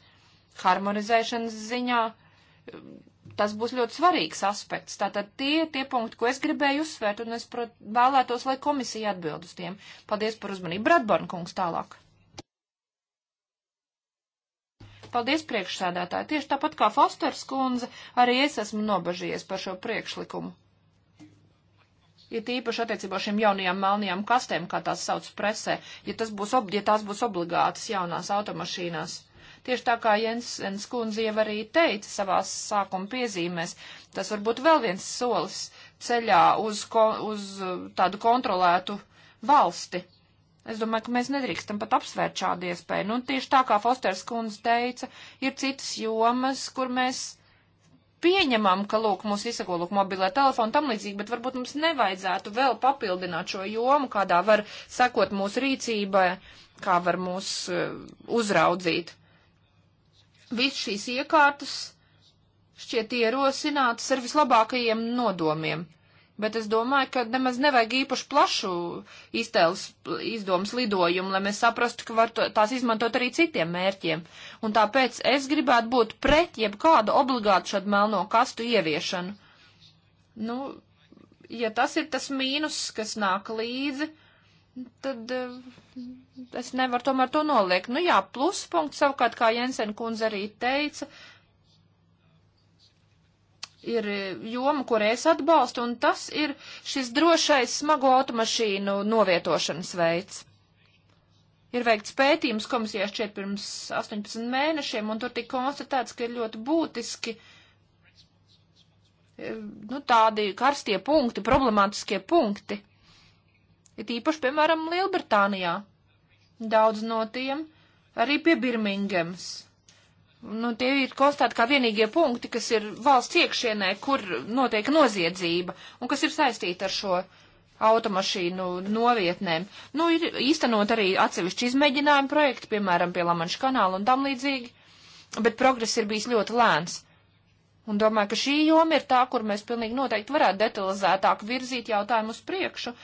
Harmonizēšanas ziņā um, tas būs ļoti svarīgs aspekts. Tātad tie, tie punkti, ko es gribēju uzsvērt, un es prot, vēlētos, lai komisija atbild uz tiem. Paldies par uzmanību. Bradborn kungs tālāk. Paldies priekšsēdētāji. Tieši tāpat kā Fosters kundze, arī es esmu nobažījies par šo priekšlikumu ir tīpaši attiecībā šīm jaunajām melnajām kastēm, kā tās sauc presē, ja, tas būs, ob, ja tās būs obligātas jaunās automašīnās. Tieši tā kā Jensens kundze jau arī teica savās sākuma piezīmēs, tas var būt vēl viens solis ceļā uz, ko, uz uh, tādu kontrolētu valsti. Es domāju, ka mēs nedrīkstam pat apsvērt šādu iespēju. Nu, tieši tā kā Fosters kundze teica, ir citas jomas, kur mēs pieņemam, ka, lūk, mūs izsako, lūk, mobilē telefonu tam līdzīgi, bet varbūt mums nevajadzētu vēl papildināt šo jomu, kādā var sekot mūsu rīcībai, kā var mūs uh, uzraudzīt. Viss šīs iekārtas šķiet ierosinātas ar vislabākajiem nodomiem bet es domāju, ka nemaz nevajag īpaši plašu iztēles izdomas lidojumu, lai mēs saprastu, ka var to, tās izmantot arī citiem mērķiem. Un tāpēc es gribētu būt pret jebkādu obligātu šādu melno kastu ieviešanu. Nu, ja tas ir tas mīnus, kas nāk līdzi, tad eh, es nevaru tomēr to noliekt. Nu jā, pluspunkts savukārt, kā Jensen kundze arī teica, uh, ir joma, kur es atbalstu, un tas ir šis drošais smago automašīnu novietošanas veids. Ir veikts pētījums komisijā šķiet pirms 18 mēnešiem, un tur tika konstatēts, ka ir ļoti būtiski eh, nu, tādi karstie punkti, problemātiskie punkti. Ir īpaši, piemēram, Lielbritānijā. Daudz no tiem arī pie Birmingemas Nu, tie ir konstatēti kā vienīgie punkti, kas ir valsts iekšienē, kur notiek noziedzība un kas ir saistīta ar šo automašīnu novietnēm. Nu, ir īstenot arī atsevišķi izmēģinājumu projekti, piemēram, pie Lamanša kanāla un tam līdzīgi, bet progress ir bijis ļoti lēns. Un domāju, ka šī joma ir tā, kur mēs pilnīgi noteikti varētu detalizētāk virzīt jautājumu uz priekšu,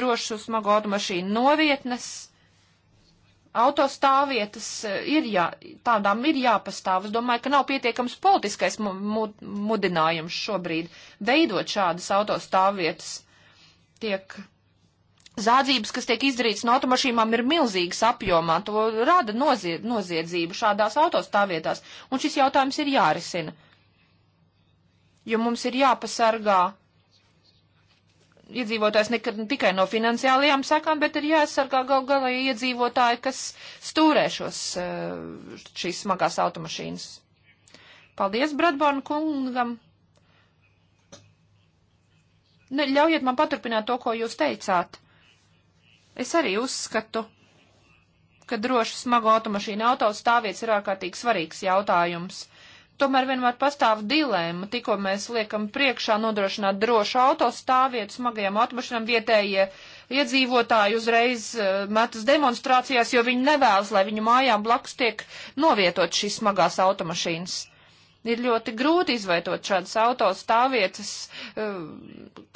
drošu smagu automašīnu novietnes autostāvvietas eh, ir jā, tādām ir jāpastāv. Es domāju, ka nav pietiekams politiskais mu, mu, mudinājums šobrīd veidot šādas autostāvvietas. Tiek zādzības, kas tiek izdarītas no automašīnām, ir milzīgas apjomā. To rada nozied, noziedzību šādās autostāvvietās. Un šis jautājums ir jārisina. Jo mums ir jāpasargā iedzīvotājs nekad ne tikai no finansiālajām sekām, bet ir jāaizsargā gal galā iedzīvotāji, kas stūrē šos, eh, šīs smagās automašīnas. Paldies Bradbārnu kungam. Ne, ļaujiet man paturpināt to, ko jūs teicāt. Es arī uzskatu, ka droši smago automašīnu auto stāvvietas ir ārkārtīgi svarīgs jautājums Tomēr vienmēr pastāv dilēma, tikko mēs liekam priekšā nodrošināt drošu autostāvvietu smagajām automašīnām vietējie iedzīvotāji uzreiz eh, metas demonstrācijās, jo viņi nevēlas, lai viņu mājām blakus tiek novietot šīs smagās automašīnas ir ļoti grūti izveidot šādas autostāvvietas eh,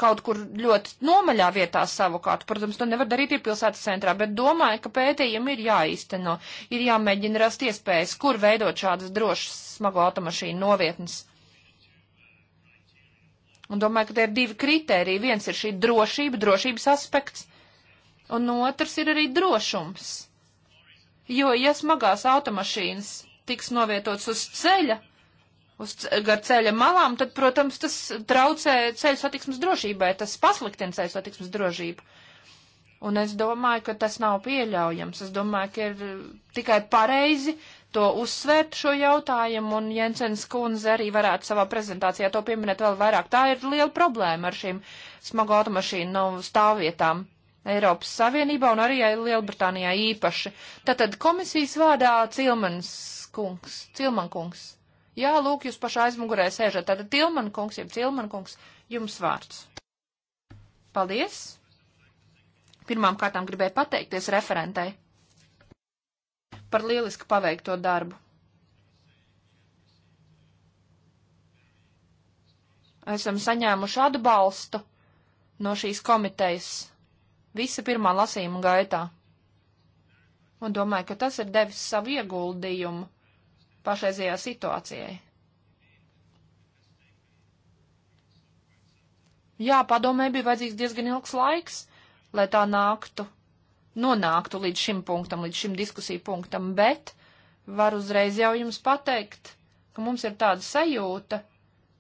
kaut kur ļoti nomaļā vietā savukārt. Protams, to nevar darīt ir pilsētas centrā, bet domāju, ka pētījumi ir jāīsteno, ir jāmēģina rast iespējas, kur veidot šādas drošas smago automašīnu novietnes. Un domāju, ka tie ir divi kriteriji. Viens ir šī drošība, drošības aspekts, un otrs ir arī drošums. Jo, ja smagās automašīnas tiks novietots uz ceļa, uz gar ceļa malām, tad, protams, tas traucē ceļu satiksmes drošībai, tas pasliktina ceļu satiksmes drošību. Un es domāju, ka tas nav pieļaujams. Es domāju, ka ir uh, tikai pareizi to uzsvērt šo jautājumu, un Jensens kundze arī varētu savā prezentācijā to pieminēt vēl vairāk. Tā ir liela problēma ar šīm smago automašīnu stāvvietām. Eiropas Savienībā un arī Lielbritānijā īpaši. Tātad komisijas vārdā Cilmans kungs, Cilman kungs. Jā, lūk, jūs pašā aizmugurē sēžat. Tātad Tilman kungs, jeb Tilman kungs, jums vārds. Paldies! Pirmām kārtām gribēju pateikties referentai par lieliski paveikto darbu. Esam saņēmuši atbalstu no šīs komitejas visa pirmā lasījuma gaitā. Un domāju, ka tas ir devis savu ieguldījumu pašreizējā situācijai. Jā, padomē bija vajadzīgs diezgan ilgs laiks, lai tā nāktu, nonāktu līdz šim punktam, līdz šim diskusiju punktam, bet var uzreiz jau jums pateikt, ka mums ir tāda sajūta,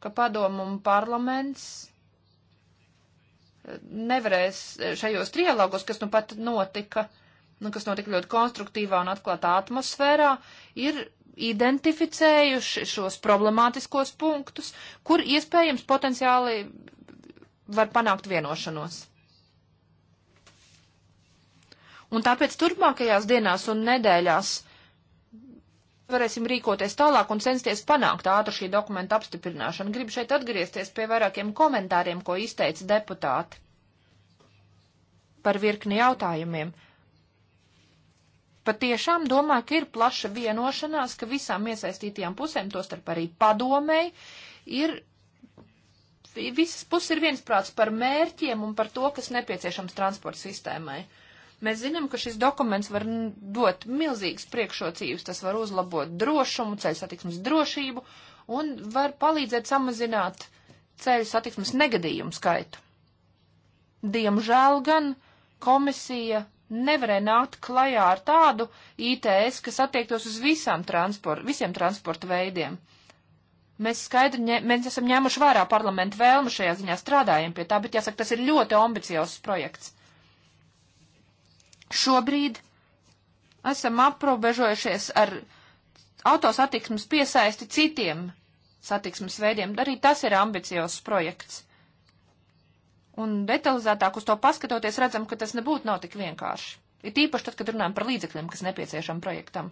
ka padomu un parlaments eh, nevarēs eh, šajos trialogos, kas nu pat notika, uh, nu, kas notika ļoti konstruktīvā un atklātā atmosfērā, ir identificējuši šos problemātiskos punktus, kur iespējams potenciāli var panākt vienošanos. Un tāpēc turpmākajās dienās un nedēļās varēsim rīkoties tālāk un censties panākt ātru šī dokumenta apstiprināšanu. Gribu šeit atgriezties pie vairākiem komentāriem, ko izteica deputāti par virkni jautājumiem, patiešām domāju, ka ir plaša vienošanās, ka visām iesaistītajām pusēm, tostarp arī padomēji, ir visas puses ir viensprāts par mērķiem un par to, kas nepieciešams transporta sistēmai. Mēs zinām, ka šis dokuments var dot milzīgas priekšrocības, tas var uzlabot drošumu, ceļu satiksmes drošību un var palīdzēt samazināt ceļu satiksmes negadījumu skaitu. Diemžēl gan komisija nevarēja nākt klajā ar tādu ITS, kas attiektos uz visām transport, visiem transporta veidiem. Mēs skaidri, ņem, mēs esam ņēmuši vērā parlamentu vēlmu šajā ziņā, strādājam pie tā, bet jāsaka, tas ir ļoti ambiciozs projekts. Šobrīd esam aprobežojušies ar autosatiksmes piesaisti citiem satiksmes veidiem. Arī tas ir ambiciozs projekts. Un detalizētāk uz to paskatoties, redzam, ka tas nebūtu nav tik vienkārši. Ir tīpaši tad, kad runājam par līdzekļiem, kas nepieciešam projektam.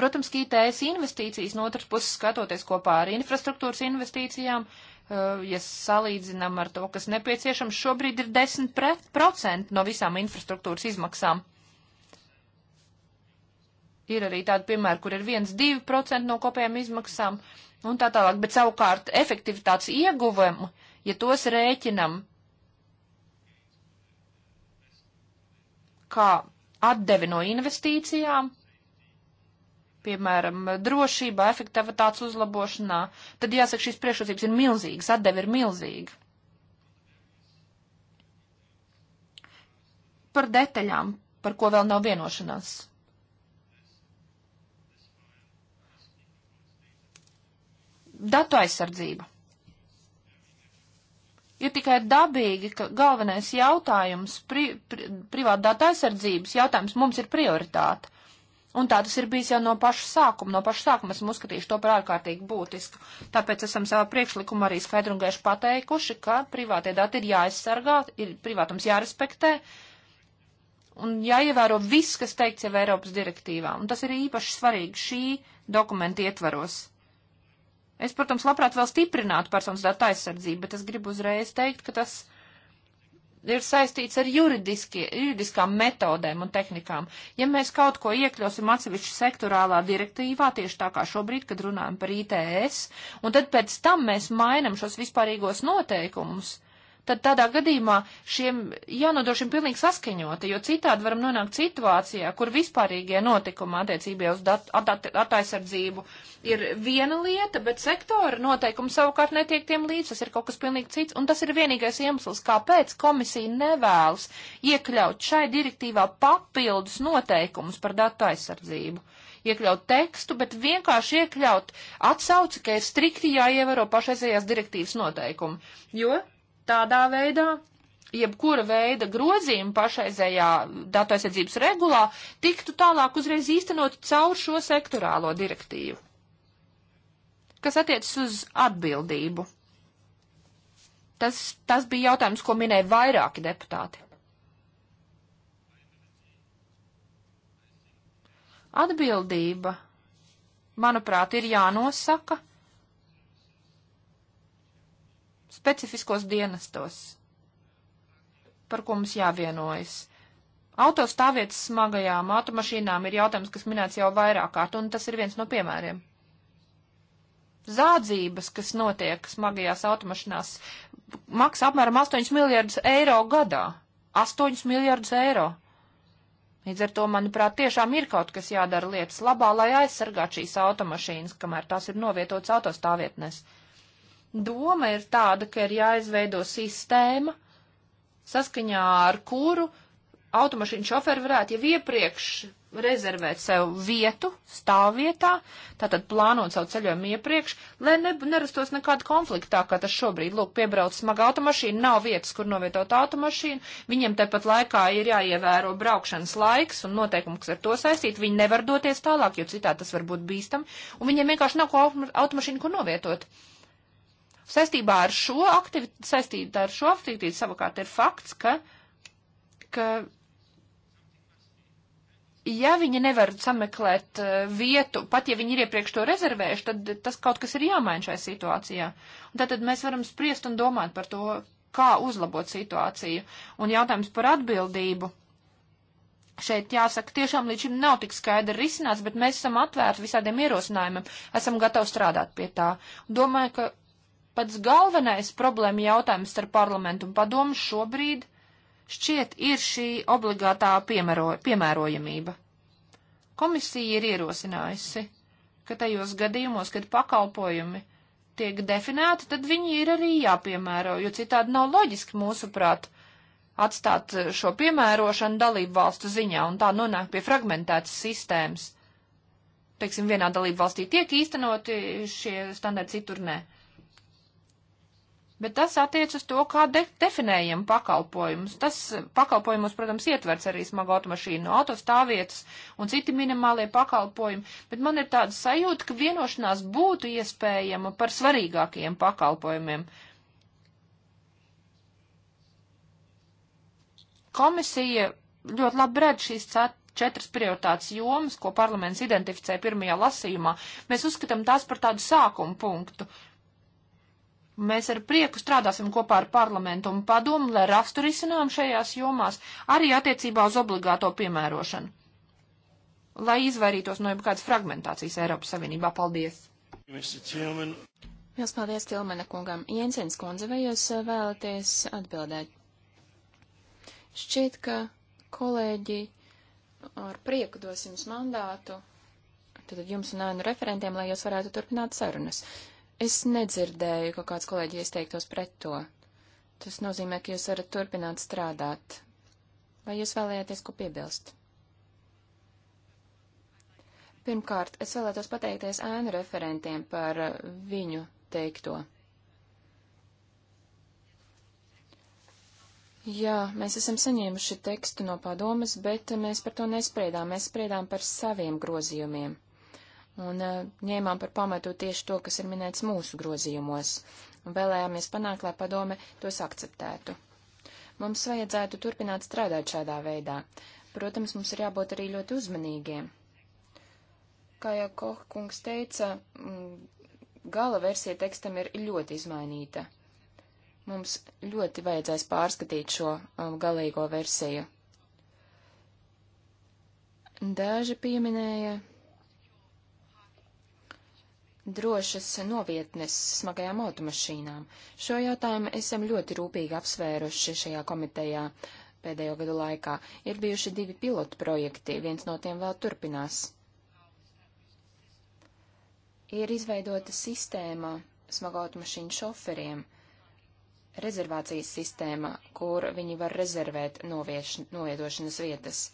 Protams, ka ITS investīcijas no otras puses skatoties kopā ar infrastruktūras investīcijām, eh, ja salīdzinām ar to, kas nepieciešams, šobrīd ir 10% no visām infrastruktūras izmaksām. Ir arī tādi piemēri, kur ir 1-2% no kopējām izmaksām un tā tālāk, bet savukārt efektivitātes ieguvumu uh, ja tos rēķinam kā atdevi no investīcijām, piemēram, drošībā, efektivitātes uzlabošanā, tad jāsaka, šīs priekšrocības ir milzīgas, atdevi ir milzīga. Par detaļām, par ko vēl nav vienošanās. Datu aizsardzība. Ir tikai dabīgi, ka galvenais jautājums, pri, pri, privātdāta aizsardzības jautājums mums ir prioritāte. Un tā tas ir bijis jau no paša sākuma. No paša sākuma esam uzskatījuši to par ārkārtīgi būtisku. Tāpēc esam savā priekšlikumā arī skaidru un gaišu pateikuši, ka privātie dati ir jāaizsargā, ir privātums jārespektē un jāievēro viss, kas teikts jau Eiropas direktīvā. Un tas ir īpaši svarīgi šī dokumenta ietvaros. Es, protams, labprāt vēl stiprinātu personas datu aizsardzību, bet es gribu uzreiz teikt, ka tas ir saistīts ar juridiskām metodēm un tehnikām. Ja mēs kaut ko iekļosim atsevišķi sektorālā direktīvā, tieši tā kā šobrīd, kad runājam par ITS, un tad pēc tam mēs mainam šos vispārīgos noteikumus, tad tādā gadījumā šiem jānodrošina pilnīgi saskaņota, jo citādi varam nonākt situācijā, kur vispārīgie notikumi attiecībā uz dat, at, at, attaisardzību ir viena lieta, bet sektora noteikumi savukārt netiek tiem līdz, tas ir kaut kas pilnīgi cits, un tas ir vienīgais iemesls, kāpēc komisija nevēlas iekļaut šai direktīvā papildus noteikumus par datu aizsardzību iekļaut tekstu, bet vienkārši iekļaut atsauci, ka ir strikti jāievēro pašreizējās direktīvas noteikumi. Jo Tādā veidā jebkura veida grozījuma pašreizējā datu aizsardzības regulā tiktu tālāk uzreiz īstenot caur šo sektorālo direktīvu, kas attiecas uz atbildību. Tas, tas bija jautājums, ko minēja vairāki deputāti. Atbildība, manuprāt, ir jānosaka specifiskos dienestos, par ko mums jāvienojas. Autostāvvietas smagajām automašīnām ir jautājums, kas minēts jau vairāk kārt, un tas ir viens no piemēriem. Zādzības, kas notiek smagajās automašīnās, maksā apmēram 8 miljardus eiro gadā. 8 miljardus eiro. Līdz ar to, manuprāt, tiešām ir kaut kas jādara lietas labā, lai aizsargātu šīs automašīnas, kamēr tās ir novietotas autostāvvietnēs. Doma ir tāda, ka ir jāizveido sistēma, saskaņā ar kuru automašīnu šoferi varētu jau iepriekš rezervēt sev vietu stāvvietā, tātad plānot savu ceļojumu iepriekš, lai ne, nerastos nekāda konfliktā, kā tas šobrīd, lūk, piebrauc smaga automašīna, nav vietas, kur novietot automašīnu, viņiem tepat laikā ir jāievēro braukšanas laiks un noteikumi, kas ar to saistīti, viņi nevar doties tālāk, jo citā tas var būt bīstam, un viņiem vienkārši nav ko automašīnu, kur novietot. Uh, Saistībā ar šo aktivitāti, saistībā ar šo aktivitāti savukārt ir fakts, ka, ka ja viņi nevar sameklēt eh, vietu, pat ja viņi ir iepriekš to rezervējuši, tad tas kaut kas ir jāmaina šajā situācijā. Un tad, tad mēs varam spriest un domāt par to, kā uzlabot situāciju. Un jautājums par atbildību. Šeit jāsaka, tiešām līdz šim nav tik skaidri risināts, bet mēs esam atvērti visādiem ierosinājumiem, esam gatavi strādāt pie tā. Domāju, ka pats galvenais problēma jautājums ar parlamentu un padomu šobrīd šķiet ir šī obligātā piemēro, piemērojamība. Komisija ir ierosinājusi, ka tajos gadījumos, kad pakalpojumi tiek definēti, tad viņi ir arī jāpiemēro, jo citādi nav loģiski mūsuprāt atstāt šo piemērošanu dalību valstu ziņā un tā nonāk pie fragmentētas sistēmas. Teiksim, vienā dalību valstī tiek īstenoti šie standarti, citur nē. Ne bet tas attiec uz to, kā de definējam pakalpojumus. Tas pakalpojumus, protams, ietverts arī smago automašīnu, autostāvvietas un citi minimālie pakalpojumi, bet man ir tāda sajūta, ka vienošanās būtu iespējama par svarīgākajiem pakalpojumiem. Komisija ļoti labi redz šīs četras prioritātes jomas, ko parlaments identificē pirmajā lasījumā. Mēs uzskatām tās par tādu sākumu punktu, Mēs ar prieku strādāsim kopā ar parlamentu un padomu, lai rastu risinājumu šajās jomās, arī attiecībā uz obligāto piemērošanu, lai izvairītos no jebkādas fragmentācijas Eiropas Savienībā. Paldies! Mēs paldies Tilmana kungam. Jensens kundze, vai jūs eh, vēlaties atbildēt? Šķiet, ka kolēģi ar prieku dos jums mandātu, tad jums un ēnu referentiem, lai jūs varētu turpināt sarunas. Uh, Es nedzirdēju, ka kāds kolēģi izteiktos pret to. Tas nozīmē, ka jūs varat turpināt strādāt. Vai jūs vēlējāties ko piebilst? Pirmkārt, es vēlētos pateikties ēnu referentiem par viņu teikto. Jā, mēs esam saņēmuši tekstu no padomas, bet mēs par to nespriedām. Mēs spriedām par saviem grozījumiem un e, ņēmām par pamatu tieši to, kas ir minēts mūsu grozījumos, un vēlējāmies panākt, lai padome tos akceptētu. Mums vajadzētu turpināt strādāt šādā veidā. Protams, mums ir jābūt arī ļoti uzmanīgiem. Kā jau Kohkungs teica, gala versija tekstam ir ļoti izmainīta. Mums ļoti vajadzēs pārskatīt šo um, galīgo versiju. Daži pieminēja drošas novietnes smagajām automašīnām. Šo jautājumu esam ļoti rūpīgi apsvēruši šajā komitejā pēdējo gadu laikā. Ir bijuši divi pilotu projekti, viens no tiem vēl turpinās. Ir izveidota sistēma smago automašīnu šoferiem, rezervācijas sistēma, kur viņi var rezervēt novieš, novietošanas vietas.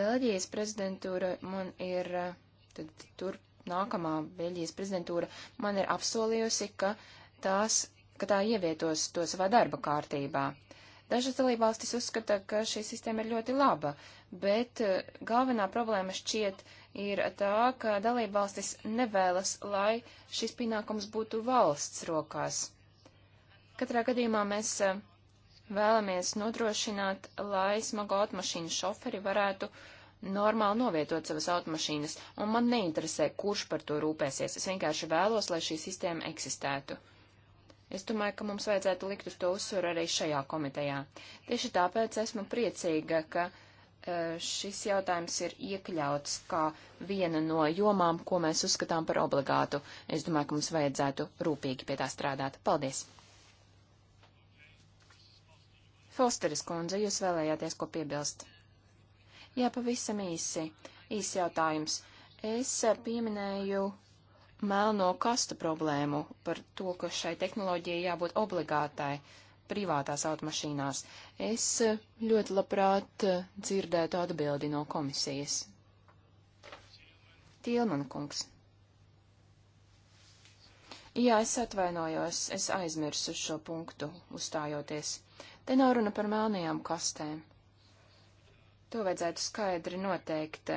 Beļģijas prezidentūra man ir tad, turp, nākamā Beļģijas prezidentūra man ir apsolījusi, ka, tās, ka tā ievietos to savā darba kārtībā. Dažas dalībvalstis uzskata, ka šī sistēma ir ļoti laba, bet eh, galvenā problēma šķiet ir tā, ka dalībvalstis nevēlas, lai šis pienākums būtu valsts rokās. Katrā gadījumā mēs eh, vēlamies nodrošināt, lai smago automašīnu šoferi varētu uh, normāli novietot savas automašīnas, un man neinteresē, kurš par to rūpēsies. Es vienkārši vēlos, lai šī sistēma eksistētu. Es domāju, ka mums vajadzētu likt uz to uzsvaru arī šajā komitejā. Tieši tāpēc esmu priecīga, ka e, šis jautājums ir iekļauts kā viena no jomām, ko mēs uzskatām par obligātu. Es domāju, ka mums vajadzētu rūpīgi pie tā strādāt. Paldies! Fosteris kundze, jūs vēlējāties ko piebilst? Jā, pavisam īsi. Īsi jautājums. Es pieminēju melno kastu problēmu par to, ka šai tehnoloģijai jābūt obligātai privātās automašīnās. Es ļoti labprāt dzirdētu atbildi no komisijas. Tielman kungs. Jā, es atvainojos, es aizmirsu šo punktu, uzstājoties. Te nav runa par melnajām kastēm. To vajadzētu skaidri noteikt.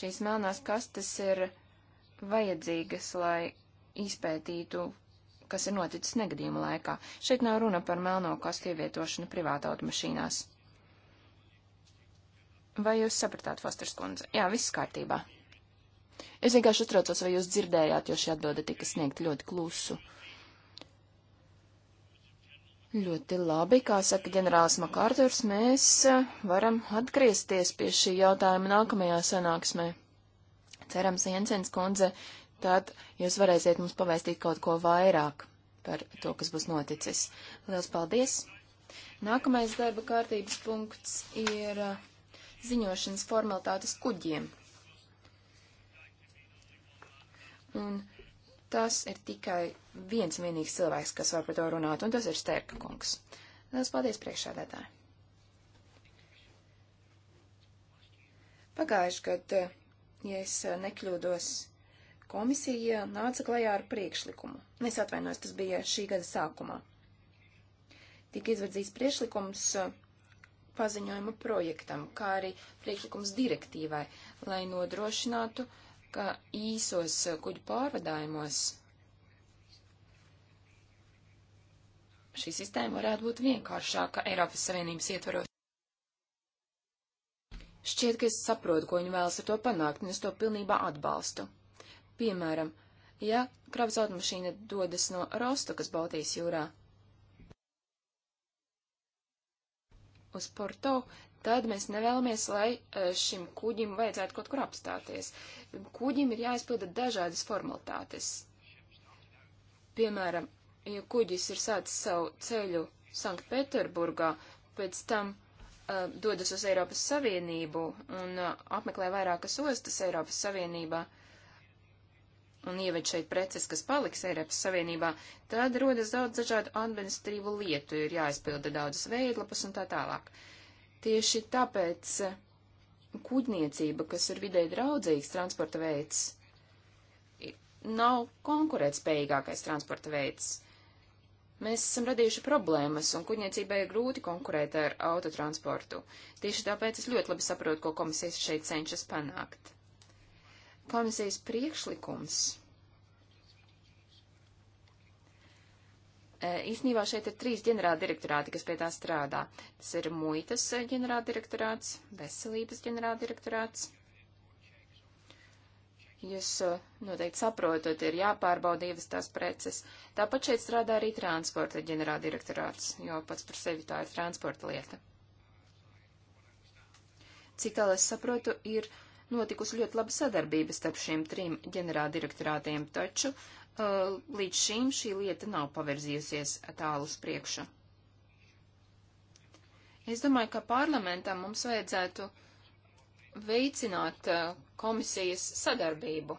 Šīs melnās kastes ir vajadzīgas, lai izpētītu, kas ir noticis negadījuma laikā. Šeit nav runa par melno kastu ievietošanu privāta automašīnās. Vai jūs sapratāt, Fosters kundze? Jā, viss kārtībā. Es vienkārši uztraucos, vai jūs dzirdējāt, jo šī atbilde tika sniegta ļoti klusu. Uh, Ļoti labi, kā saka ģenerālis Makārturs, mēs varam atgriezties pie šī jautājuma nākamajā sanāksmē. Cerams, Jensens kundze, tad jūs varēsiet mums pavēstīt kaut ko vairāk par to, kas būs noticis. Lielas paldies! Nākamais darba kārtības punkts ir ziņošanas formalitātes kuģiem. Un tas ir tikai viens vienīgs cilvēks, kas var par to runāt, un tas ir Stērka kungs. Lielas paldies priekšādētāji. Pagājuši gadu, ja es nekļūdos, komisija nāca klajā ar priekšlikumu. Es atvainojos, tas bija šī gada sākumā. Tika izverdzīts priekšlikums paziņojuma projektam, kā arī priekšlikums direktīvai, lai nodrošinātu uh, ka īsos kuģu pārvadājumos šī sistēma varētu būt vienkāršāka Eiropas Savienības ietvaros. Šķiet, ka es saprotu, ko viņi vēlas ar to panākt, un es to pilnībā atbalstu. Piemēram, ja kravas automašīna dodas no Rostokas Baltijas jūrā uz Porto, tad mēs nevēlamies, lai e, šim kuģim vajadzētu kaut kur apstāties. Kuģim ir jāizpilda dažādas formalitātes. Piemēram, ja kuģis ir sācis savu ceļu Sanktpēterburgā, pēc tam uh, dodas uz Eiropas Savienību un uh, apmeklē vairākas ostas Eiropas Savienībā un ieved šeit preces, kas paliks Eiropas Savienībā, tad rodas daudz dažādu administratīvu lietu, ir jāizpilda daudzas veidlapas un tā tālāk. Uh, Tieši tāpēc eh, kuģniecība, kas ir vidē draudzīgs transporta veids, nav konkurētspējīgākais transporta veids. Mēs esam radījuši problēmas, un kuģniecībai ir grūti konkurēt ar autotransportu. Tieši tāpēc es ļoti labi saprotu, ko komisijas šeit cenšas panākt. Komisijas priekšlikums E, īsnībā šeit ir trīs ģenerāldirektorāti, kas pie tā strādā. Tas ir muitas ģenerāldirektorāts, veselības ģenerāldirektorāts. Jūs e, noteikti saprotat, ir jāpārbauda divas tās preces. Tāpat šeit strādā arī transporta ģenerāldirektorāts, jo pats par sevi tā ir transporta lieta. Cik tālu es saprotu, ir notikusi ļoti laba sadarbība starp šiem trim ģenerāldirektorātiem, taču Uh, līdz šim šī lieta nav pavirzījusies tālu uz priekšu. Es domāju, ka parlamentam mums vajadzētu veicināt uh, komisijas sadarbību.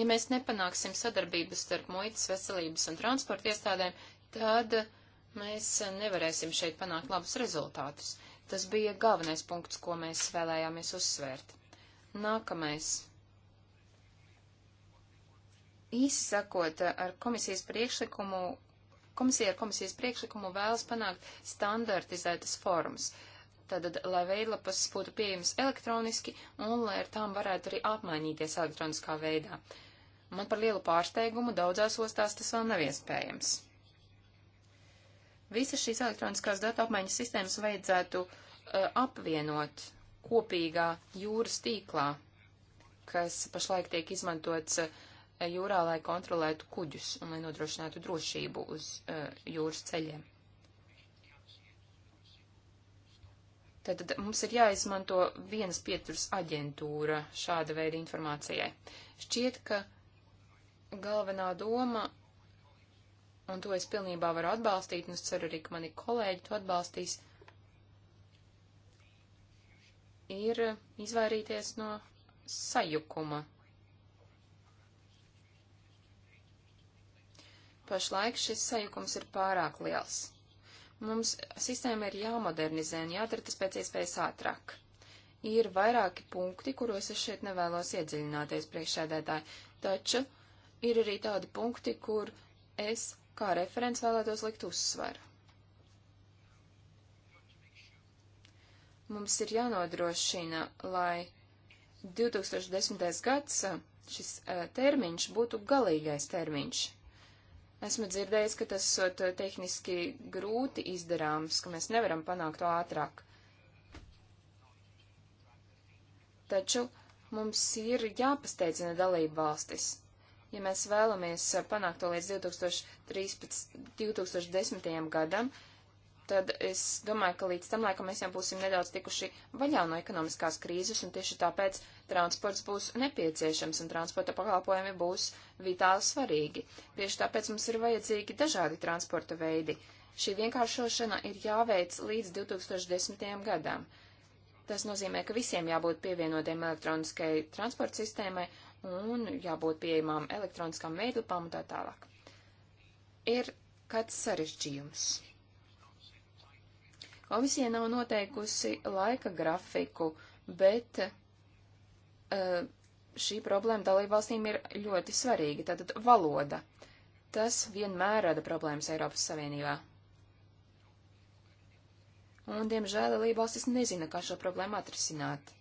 Ja mēs nepanāksim sadarbības starp muitas, veselības un transporta iestādēm, tad mēs nevarēsim šeit panākt labus rezultātus. Tas bija galvenais punkts, ko mēs vēlējāmies uzsvērt. Nākamais Īsi sakot, eh, ar komisijas priekšlikumu, komisija ar komisijas priekšlikumu vēlas panākt standartizētas formas. Tātad, lai veidlapas būtu pieejamas elektroniski un lai ar tām varētu arī apmainīties elektroniskā veidā. Man par lielu pārsteigumu daudzās ostās tas vēl nav iespējams. Visas šīs elektroniskās datu apmaiņas sistēmas vajadzētu uh, apvienot kopīgā jūras tīklā, kas pašlaik tiek izmantots uh, jūrā, lai kontrolētu kuģus un lai nodrošinātu drošību uz uh, jūras ceļiem. Tātad mums ir jāizmanto vienas pieturas aģentūra šāda veida informācijai. Šķiet, ka galvenā doma, un to es pilnībā varu atbalstīt, un es ceru arī, ka mani kolēģi to atbalstīs, ir izvairīties no sajukuma pašlaik šis sajukums ir pārāk liels. Mums sistēma ir jāmodernizē un jādara tas pēc iespējas ātrāk. Ir vairāki punkti, kuros es šeit nevēlos iedziļināties priekšsēdētāji, taču ir arī tādi punkti, kur es kā referents vēlētos likt uzsvaru. Mums ir jānodrošina, lai 2010. gads šis uh, termiņš būtu galīgais termiņš Esmu dzirdējis, ka tas sot tehniski grūti izdarāms, ka mēs nevaram panākt to ātrāk. Taču mums ir jāpasteidzina dalību valstis. Ja mēs vēlamies panākt to līdz 2013, 2010. gadam, tad es domāju, ka līdz tam laikam mēs jau būsim nedaudz tikuši vaļā no ekonomiskās krīzes, un tieši tāpēc transports būs nepieciešams, un transporta pakalpojumi būs vitāli svarīgi. Tieši tāpēc mums ir vajadzīgi dažādi transporta veidi. Šī vienkāršošana ir jāveic līdz 2010. gadam. Tas nozīmē, ka visiem jābūt pievienotiem elektroniskai transporta sistēmai un jābūt pieejamām elektroniskām veidlapām un tā tālāk. Ir kāds sarežģījums. Komisija nav noteikusi laika grafiku, bet uh, šī problēma dalībvalstīm ir ļoti svarīga, tātad valoda. Tas vienmēr rada problēmas Eiropas Savienībā. Un, diemžēl, dalībvalstis nezina, kā šo problēmu atrisināt.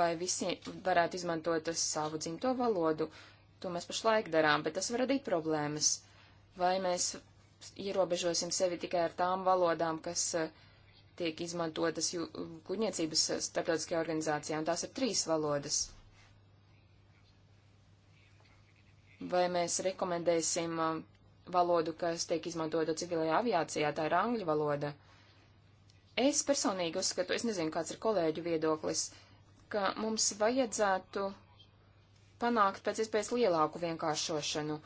Vai visi varētu izmantot savu dzimto valodu, to mēs pašlaik darām, bet tas var radīt problēmas. Vai mēs ierobežosim sevi tikai ar tām valodām, kas eh, tiek izmantotas kuģniecības eh, starptautiskajā organizācijā, un tās ir trīs valodas. Vai mēs rekomendēsim eh, valodu, kas tiek izmantota civilajā aviācijā, tā ir angļu valoda? Es personīgi uzskatu, es nezinu, kāds ir kolēģu viedoklis, ka mums vajadzētu panākt pēc iespējas lielāku vienkāršošanu,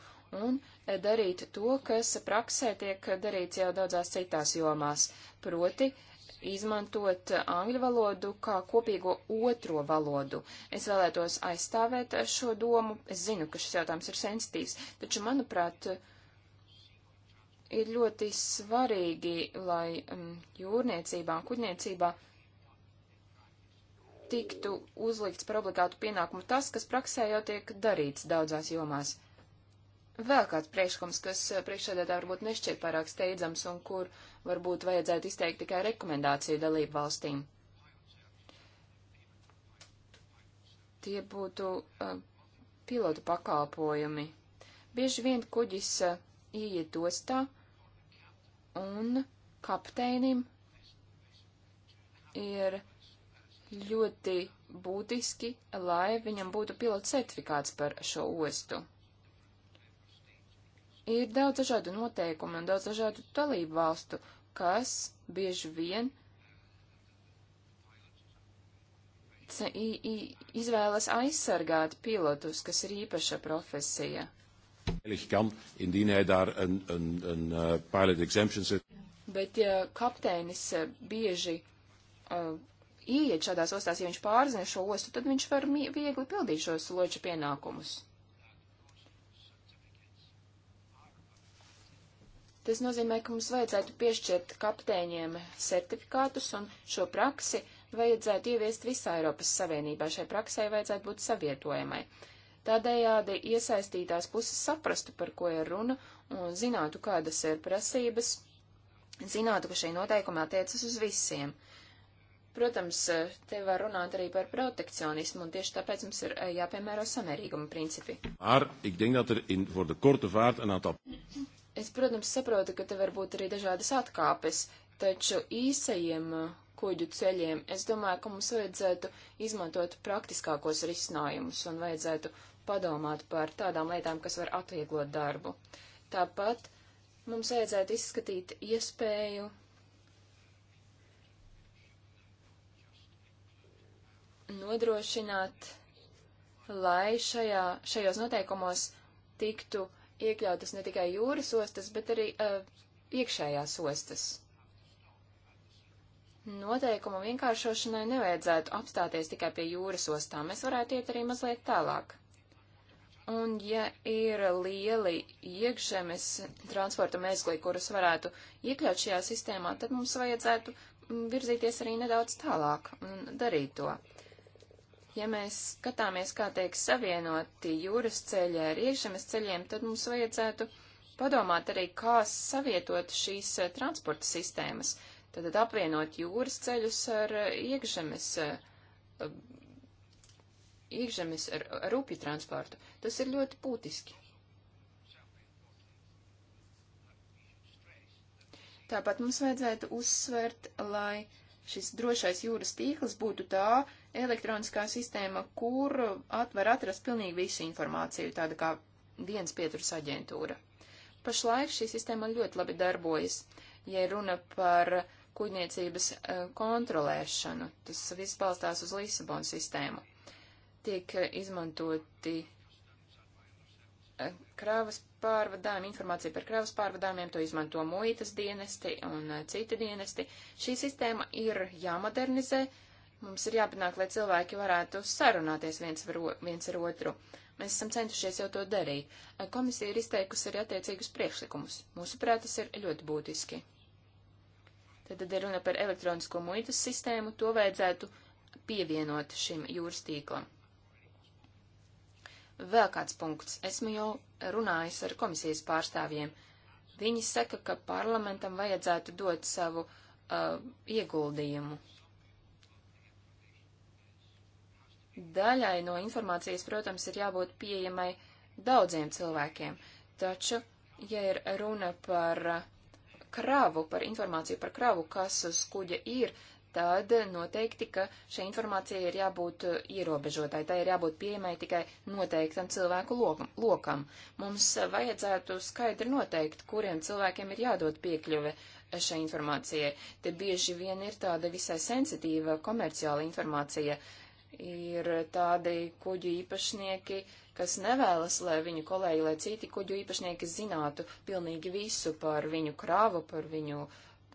un darīt to, kas praksē tiek darīts jau daudzās citās jomās, proti izmantot angļu valodu kā kopīgo otro valodu. Es vēlētos aizstāvēt šo domu. Es zinu, ka šis jautājums ir sensitīvs, taču, manuprāt, ir ļoti svarīgi, lai mm, jūrniecībā un kuģniecībā tiktu uzlikts par obligātu pienākumu tas, kas praksē jau tiek darīts daudzās jomās vēl kāds priekšlikums, kas eh, priekšsēdētā varbūt nešķiet pārāk steidzams un kur varbūt vajadzētu izteikt tikai rekomendāciju dalību valstīm? Tie būtu uh, pilotu pakalpojumi. Bieži vien kuģis uh, ieiet ostā un kapteinim ir ļoti būtiski, lai viņam būtu pilota certifikāts par šo ostu. Ir daudz dažādu noteikumu un daudz dažādu dalību valstu, kas bieži vien izvēlas aizsargāt pilotus, kas ir īpaša profesija. Eh, Bet ja kapteinis eh, bieži uh, ieiet šādās ostās, ja viņš pārzina šo ostu, tad viņš var viegli pildīt šos loča pienākumus. Tas nozīmē, ka mums vajadzētu piešķirt kapteiņiem certifikātus un šo praksi vajadzētu ieviest visā Eiropas Savienībā. Šai praksē vajadzētu būt savietojamai. Tādējādi iesaistītās puses saprastu, par ko ir runa, un zinātu, kādas ir prasības, zinātu, ka šī noteikuma attiecas uz visiem. Protams, te var runāt arī par protekcionismu, un tieši tāpēc mums ir eh, jāpiemēro samērīguma principi. Ar, ik denk dat er in, voor de korte vaart een aantal... Es, protams, saprotu, ka te var būt arī dažādas atkāpes, taču īsajiem uh, kuģu ceļiem es domāju, ka mums vajadzētu izmantot praktiskākos risinājumus un vajadzētu padomāt par tādām lietām, kas var atvieglot darbu. Tāpat mums vajadzētu izskatīt iespēju nodrošināt, lai šajā, šajos noteikumos tiktu iekļautas ne tikai jūras ostas, bet arī uh, iekšējās ostas. Noteikumu vienkāršošanai nevajadzētu apstāties tikai pie jūras ostām, mēs varētu iet arī mazliet tālāk. Un ja ir lieli iekšzemes transporta mezgli, kurus varētu iekļaut šajā sistēmā, tad mums vajadzētu mm, virzīties arī nedaudz tālāk un darīt to. Ja mēs skatāmies, kā tiek savienoti jūras ceļi ar iekšzemes ceļiem, tad mums vajadzētu padomāt arī, kā savietot šīs eh, transporta sistēmas. Tad apvienot jūras ceļus ar eh, iekšzemes, eh, iekšzemes ar, ar upju transportu. Tas ir ļoti būtiski. Tāpat mums vajadzētu uzsvērt, lai šis drošais jūras tīkls būtu tā elektroniskā sistēma, kur at, var atrast pilnīgi visu informāciju, tāda kā dienas pieturas aģentūra. Pašlaik šī sistēma ļoti labi darbojas, ja runa par kuģniecības e, kontrolēšanu. Tas viss balstās uz Lisabonu sistēmu. Tiek izmantoti e, kravas pārvadājumi, informācija par kravas pārvadājumiem, to izmanto muitas dienesti un e, citi dienesti. Šī sistēma ir jāmodernizē, uh, Mums ir jāpanāk, lai cilvēki varētu sarunāties viens, var, viens ar otru. Mēs esam centušies jau to darīt. Komisija ir izteikusi arī attiecīgus priekšlikumus. Mūsuprāt, tas ir ļoti būtiski. Tad, tad ir runa par elektronisko muitas sistēmu, to vajadzētu pievienot šim jūras tīklam. Vēl kāds punkts. Esmu jau runājis ar komisijas pārstāvjiem. Viņi saka, ka parlamentam vajadzētu dot savu uh, ieguldījumu Daļai no informācijas, protams, ir jābūt pieejamai daudziem cilvēkiem, taču, ja ir runa par kravu, par informāciju par kravu, kas uz kuģa ir, tad noteikti, ka šai informācijai ir jābūt ierobežotai, tai ir jābūt pieejamai tikai noteiktam cilvēku lokam. Mums vajadzētu skaidri noteikt, kuriem cilvēkiem ir jādod piekļuve šai informācijai. Te bieži vien ir tāda visai sensitīva komerciāla informācija. Ir tādi kuģu īpašnieki, kas nevēlas, lai viņu kolēģi, lai citi kuģu īpašnieki zinātu pilnīgi visu par viņu krāvu, par viņu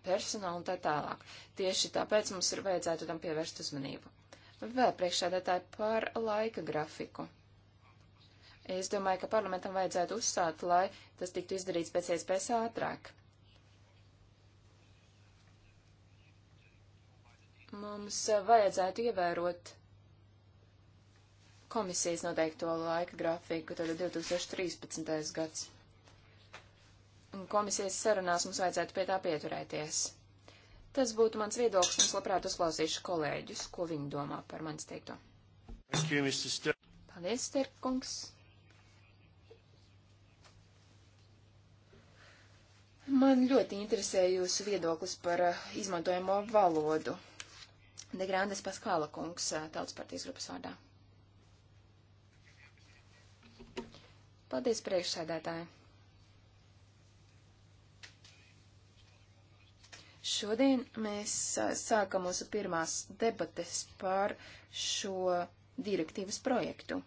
personālu un tā tālāk. Tieši tāpēc mums ir vajadzētu tam pievērst uzmanību. Vēl priekšādātāji par laika grafiku. Es domāju, ka parlamentam vajadzētu uzstāt, lai tas tiktu izdarīts pēc iespējas ātrāk. Mums vajadzētu ievērot komisijas noteikto laika grafiku, tad 2013. gads. Un komisijas sarunās mums vajadzētu pie tā pieturēties. Tas būtu mans viedoklis, un es labprāt uzklausīšu kolēģus, ko viņi domā par manis teikto. Paldies, Sterkungs. Man ļoti interesē jūsu viedoklis par uh, izmantojamo valodu. Degrandes Paskāla kungs, uh, Tautas partijas grupas vārdā. Paldies, priekšsēdētāji! Šodien mēs sākam mūsu pirmās debates par šo direktīvas projektu.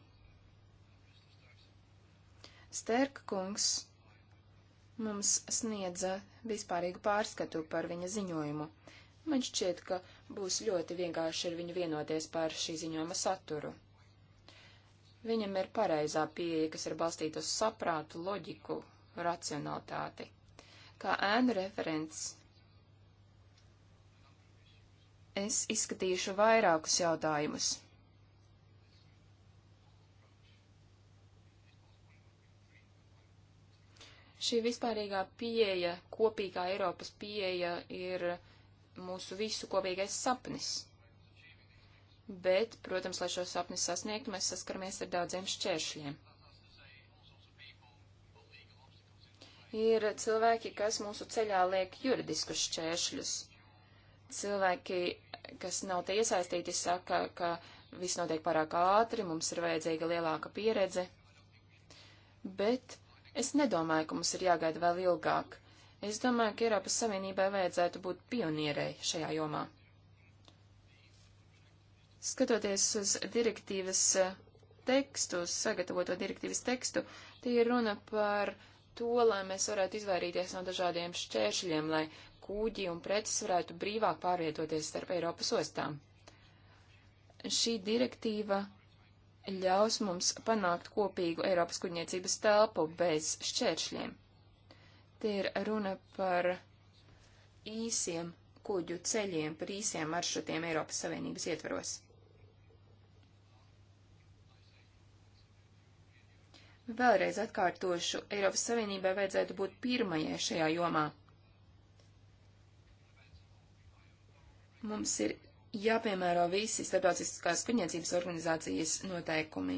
Sterka kungs mums sniedza vispārīgu pārskatu par viņa ziņojumu. Man šķiet, ka būs ļoti vienkārši ar viņu vienoties par šī ziņojuma saturu. Viņam ir pareizā pieeja, kas ir balstīta uz saprātu, loģiku, racionalitāti. Kā ēnu referents es izskatīšu vairākus jautājumus. Šī vispārīgā pieeja, kopīgā Eiropas pieeja ir mūsu visu kopīgais sapnis bet, protams, lai šo sapni sasniegtu, mēs saskaramies ar daudziem šķēršļiem. Ir cilvēki, kas mūsu ceļā liek juridiskus šķēršļus. Cilvēki, kas nav te iesaistīti, saka, ka viss notiek pārāk ātri, mums ir vajadzīga lielāka pieredze. Bet es nedomāju, ka mums ir jāgaida vēl ilgāk. Es domāju, ka Eiropas Savienībai vajadzētu būt pionierei šajā jomā. Skatoties uz direktīvas eh, tekstu, sagatavoto direktīvas tekstu, tie ir runa par to, lai mēs varētu izvairīties no dažādiem šķēršļiem, lai kūģi un preces varētu brīvāk pārvietoties starp Eiropas ostām. Šī direktīva ļaus mums panākt kopīgu Eiropas kuģniecības telpu bez šķēršļiem. Te ir runa par īsiem kuģu ceļiem, par īsiem maršrutiem Eiropas Savienības ietvaros. Vēlreiz atkārtošu, Eiropas Savienībai vajadzētu būt pirmajai šajā jomā. Mums ir jāpiemēro visi starptautiskās kuģniecības organizācijas noteikumi.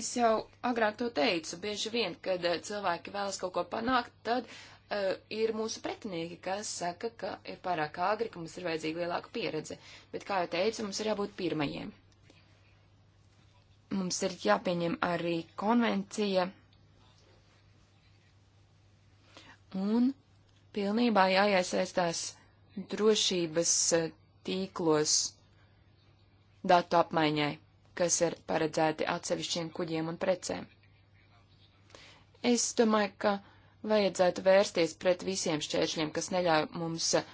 Es jau agrāk to teicu, bieži vien, kad eh, cilvēki vēlas kaut ko panākt, tad uh, ir mūsu pretinieki, kas saka, ka ir pārāk āgri, ka mums ir vajadzīga lielāka pieredze. Bet, kā jau teicu, mums ir jābūt pirmajiem. Mums ir jāpieņem arī konvencija un pilnībā jāiesaistās drošības eh, tīklos datu apmaiņai, kas ir paredzēti atsevišķiem kuģiem un precēm. Es domāju, ka vajadzētu vērsties pret visiem šķēršļiem, kas neļauj mums eh,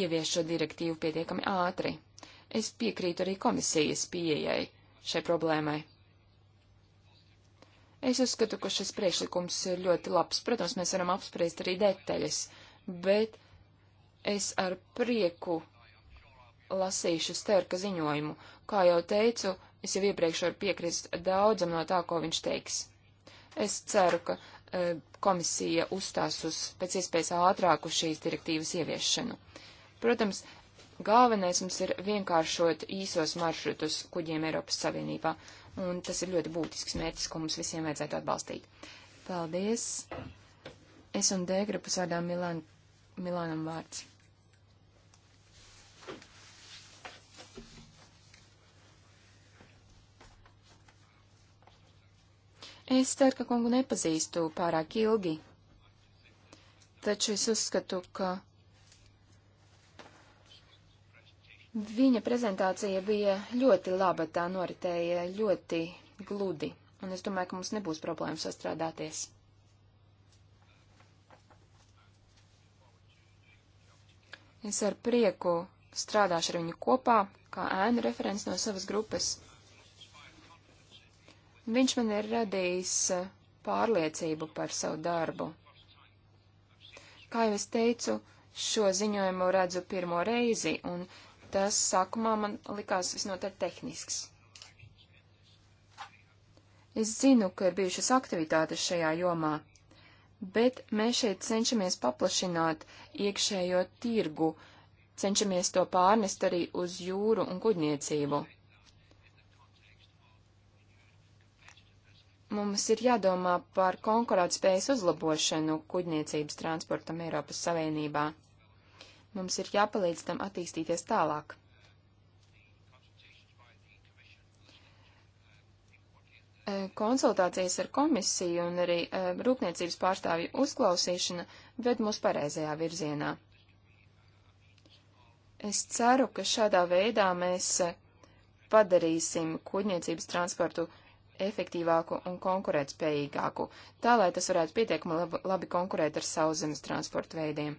ievies šo direktīvu pietiekami ātri. Es piekrītu arī komisijas pieejai šai problēmai. Es uzskatu, ka šis priekšlikums ir ļoti labs. Protams, mēs varam apspriest arī detaļas, bet es ar prieku lasīšu Sterka ziņojumu. Kā jau teicu, es jau iepriekš varu piekrist daudzam no tā, ko viņš teiks. Es ceru, ka e, komisija uzstās uz pēc iespējas ātrāku šīs direktīvas ieviešanu. Protams, Galvenais mums ir vienkāršot īsos maršrutus kuģiem Eiropas Savienībā, un tas ir ļoti būtisks mērķis, ko mums visiem vajadzētu atbalstīt. Paldies! Es un D grupas vārdā Milan, Milanam vārds. Es ceru, ka kungu nepazīstu pārāk ilgi, taču es uzskatu, ka Viņa prezentācija bija ļoti laba, tā noritēja ļoti gludi, un es domāju, ka mums nebūs problēmu sastrādāties. Es ar prieku strādāšu ar viņu kopā, kā ēnu referents no savas grupas. Viņš man ir radījis eh, pārliecību par savu darbu. Kā jau es teicu, šo ziņojumu redzu pirmo reizi, un tas sākumā man likās visnotaļ tehnisks. Es zinu, ka ir bijušas aktivitātes šajā jomā, bet mēs šeit cenšamies paplašināt iekšējo tirgu, cenšamies to pārnest arī uz jūru un kuģniecību. Mums ir jādomā par konkurētspējas uzlabošanu kuģniecības transportam Eiropas Savienībā. Mums ir jāpalīdz tam attīstīties tālāk. Konsultācijas ar komisiju un arī rūpniecības pārstāvju uzklausīšana ved mūs pareizajā virzienā. Es ceru, ka šādā veidā mēs padarīsim kuģniecības transportu efektīvāku un konkurētspējīgāku, tā lai tas varētu pietiekami labi konkurēt ar sauszemes transporta veidiem.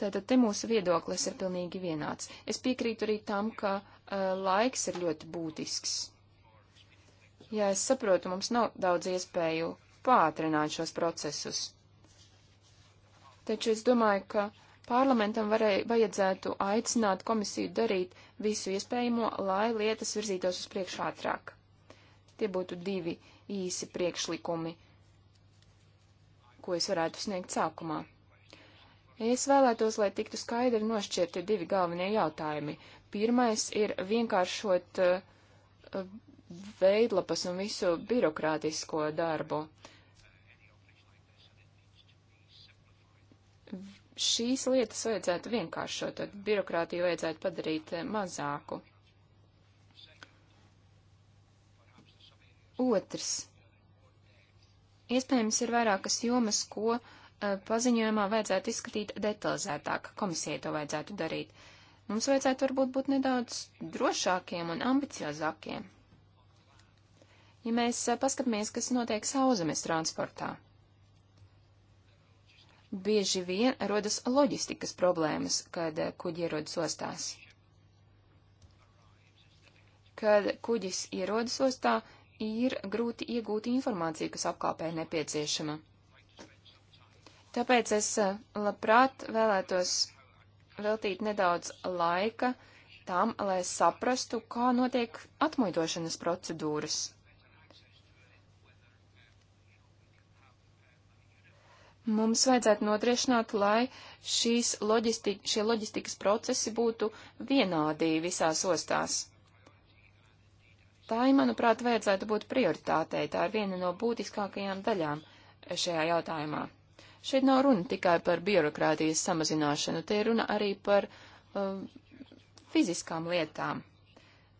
Tātad te mūsu viedoklis ir pilnīgi vienāds. Es piekrītu arī tam, ka uh, laiks ir ļoti būtisks. Jā, es saprotu, mums nav daudz iespēju pātrināt šos procesus. Taču es domāju, ka parlamentam varēja, vajadzētu aicināt komisiju darīt visu iespējamo, lai lietas virzītos uz priekšu ātrāk. Tie būtu divi īsi priekšlikumi, ko es varētu sniegt sākumā. Es vēlētos, lai tiktu skaidri nošķirti divi galvenie jautājumi. Pirmais ir vienkāršot uh, veidlapas un visu birokrātisko darbu. Šīs lietas vajadzētu vienkāršot, tad birokrātiju vajadzētu padarīt eh, mazāku. Otrs. Iespējams, ir vairākas jomas, ko uh, Eh, paziņojumā vajadzētu izskatīt detalizētāk. Komisijai to vajadzētu darīt. Mums vajadzētu varbūt būt nedaudz drošākiem un ambiciozākiem. Ja mēs eh, paskatāmies, kas notiek sauzemes transportā, bieži vien rodas loģistikas problēmas, kad eh, kuģi ierodas ostās. Kad kuģis ierodas ostā, ir grūti iegūt informāciju, kas apkalpē nepieciešama. Tāpēc es eh, labprāt vēlētos veltīt nedaudz laika tam, lai saprastu, kā notiek atmuidošanas procedūras. Mums vajadzētu nodrošināt, lai šīs loģisti šie loģistikas procesi būtu vienādī visās ostās. Tā, manuprāt, vajadzētu būt prioritātei. Tā ir viena no būtiskākajām daļām šajā jautājumā. Šeit nav runa tikai par birokrātijas samazināšanu, te ir runa arī par uh, fiziskām lietām.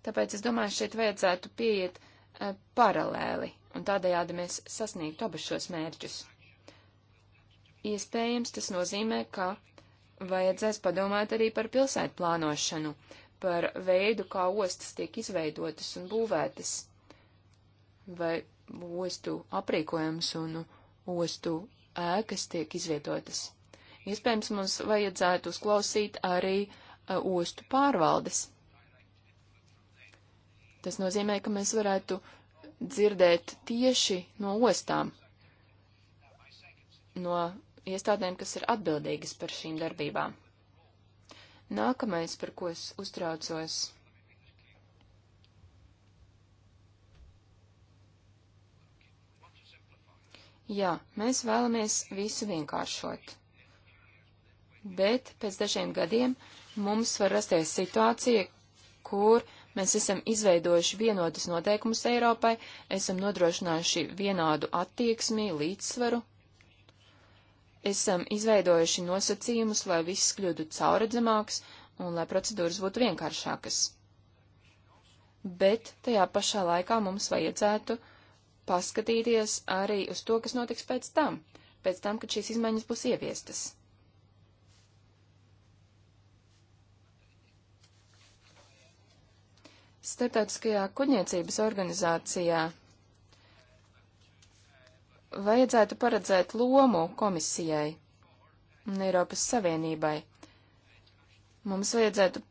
Tāpēc es domāju, šeit vajadzētu pieiet uh, paralēli, un tādējādi mēs sasniegtu abus šos mērķus. Iespējams, tas nozīmē, ka vajadzēs padomāt arī par pilsētu plānošanu, par veidu, kā ostas tiek izveidotas un būvētas, vai ostu aprīkojums un ostu ēkas tiek izvietotas. Iespējams, mums vajadzētu uzklausīt arī uh, ostu pārvaldes. Tas nozīmē, ka mēs varētu dzirdēt tieši no ostām, no iestādēm, kas ir atbildīgas par šīm darbībām. Nākamais, par ko es uztraucos, Jā, mēs vēlamies visu vienkāršot. Bet pēc dažiem gadiem mums var rasties situācija, kur mēs esam izveidojuši vienotus noteikumus Eiropai, esam nodrošinājuši vienādu attieksmi, līdzsvaru, esam izveidojuši nosacījumus, lai viss kļūtu cauredzamāks un lai procedūras būtu vienkāršākas. Bet tajā pašā laikā mums vajadzētu paskatīties arī uz to, kas notiks pēc tam, pēc tam, kad šīs izmaiņas būs ieviestas. Startautiskajā kuģniecības organizācijā vajadzētu paredzēt lomu komisijai un Eiropas Savienībai. Mums vajadzētu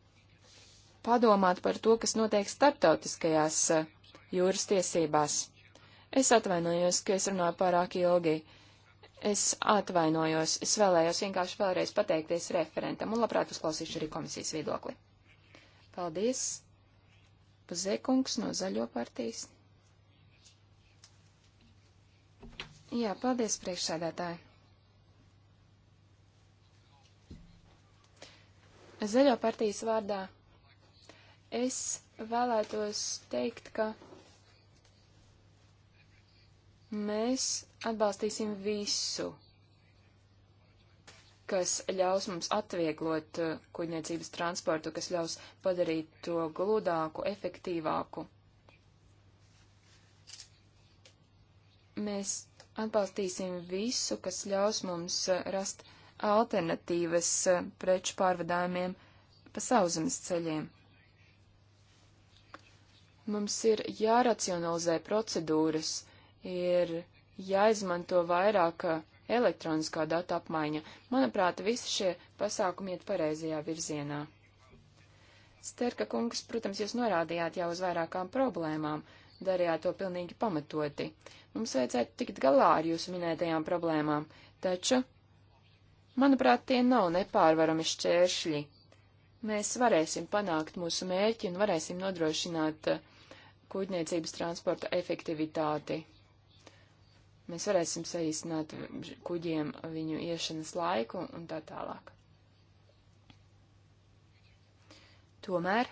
padomāt par to, kas notiek starptautiskajās eh, jūras tiesībās. Es atvainojos, ka es runāju pārāk ilgi. Es atvainojos, es vēlējos vienkārši vēlreiz pateikties referentam un labprāt uzklausīšu arī komisijas viedokli. Paldies! Pazēkungs no Zaļo partijas. Jā, paldies, priekšsēdētāji. Zaļo partijas vārdā es vēlētos teikt, ka Mēs atbalstīsim visu, kas ļaus mums atvieglot uh, kuģniecības transportu, kas ļaus padarīt to gludāku, efektīvāku. Mēs atbalstīsim visu, kas ļaus mums uh, rast alternatīvas uh, preču pārvadājumiem pa sauszemes ceļiem. Mums ir jāracionalizē procedūras, ir jāizmanto vairāk uh, elektroniskā data apmaiņa. Manuprāt, visi šie pasākumi iet pareizajā virzienā. Sterka kungs, protams, jūs norādījāt jau uz vairākām problēmām, darījāt to pilnīgi pamatoti. Mums vajadzētu tikt galā ar jūsu minētajām problēmām, taču, manuprāt, tie nav nepārvarami šķēršļi. Mēs varēsim panākt mūsu mērķi un varēsim nodrošināt uh, kuģniecības transporta efektivitāti. Mēs varēsim saīsināt kuģiem viņu iešanas laiku un tā tālāk. Tomēr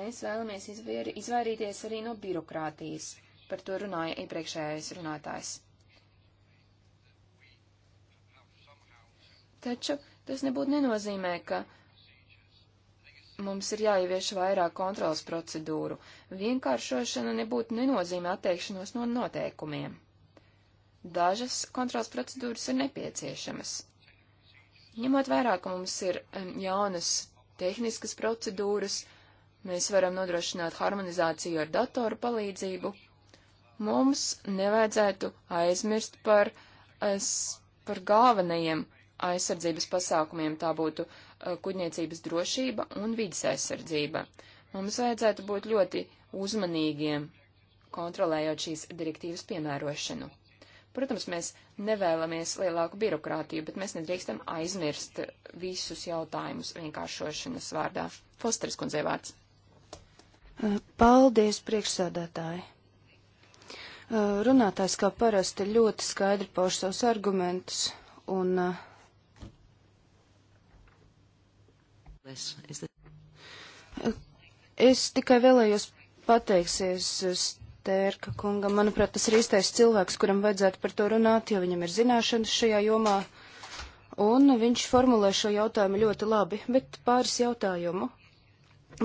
mēs vēlamies izvairīties arī no birokrātijas. Par to runāja iepriekšējais runātājs. Taču tas nebūtu nenozīmē, ka mums ir jāievieš vairāk kontrolas procedūru. Vienkāršošana nebūtu nenozīmē atteikšanos no noteikumiem. Dažas kontrolas procedūras ir nepieciešamas. Ņemot vairāk, ka mums ir jaunas tehniskas procedūras, mēs varam nodrošināt harmonizāciju ar datoru palīdzību. Mums nevajadzētu aizmirst par, es, par galvenajiem aizsardzības pasākumiem, tā būtu uh, Uh, kuģniecības drošība un vidas aizsardzība. Mums vajadzētu būt ļoti uzmanīgiem, kontrolējot šīs direktīvas piemērošanu. Protams, mēs nevēlamies lielāku birokrātiju, bet mēs nedrīkstam aizmirst visus jautājumus vienkāršošanas vārdā. Fosteris kundzei vārds. Uh, paldies, priekšsādātāji! Uh, runātājs kā parasti ļoti skaidri pauž savus argumentus, un uh, Es tikai vēlējos pateiksies Stērka kungam. Manuprāt, tas ir īstais cilvēks, kuram vajadzētu par to runāt, jo viņam ir zināšanas šajā jomā. Un viņš formulē šo jautājumu ļoti labi, bet pāris jautājumu.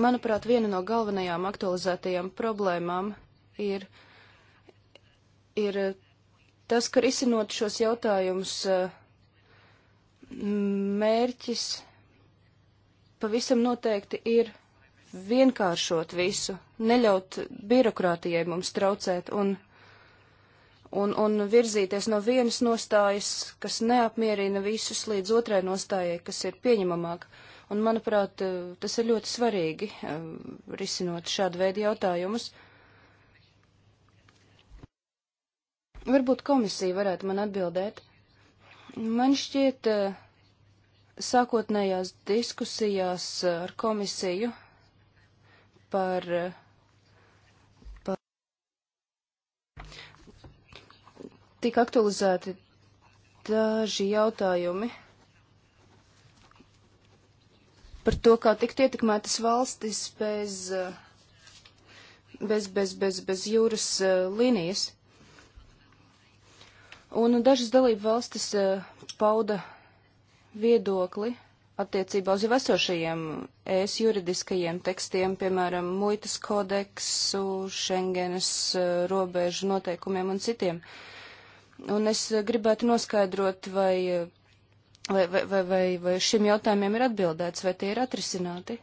Manuprāt, viena no galvenajām aktualizētajām problēmām ir, ir tas, ka risinot šos jautājumus, mērķis pavisam noteikti ir vienkāršot visu, neļaut birokrātijai mums traucēt un, un, un virzīties no vienas nostājas, kas neapmierina visus, līdz otrai nostājai, kas ir pieņemamāk. Un, manuprāt, tas ir ļoti svarīgi, um, risinot šādu veidu jautājumus. Varbūt komisija varētu man atbildēt. Man šķiet, uh, sākotnējās diskusijās ar komisiju par, par tik aktualizēti daži jautājumi par to, kā tikt ietekmētas valstis bez, bez, bez, bez, bez jūras eh, līnijas. Un dažas dalību valstis eh, pauda viedokli attiecībā uz jau esošajiem ES juridiskajiem tekstiem, piemēram, muitas kodeksu, Schengenes eh, robežu noteikumiem un citiem. Un es eh, gribētu noskaidrot, eh, vai, vai, vai, vai, vai, vai šim jautājumiem ir atbildēts, vai tie ir atrisināti.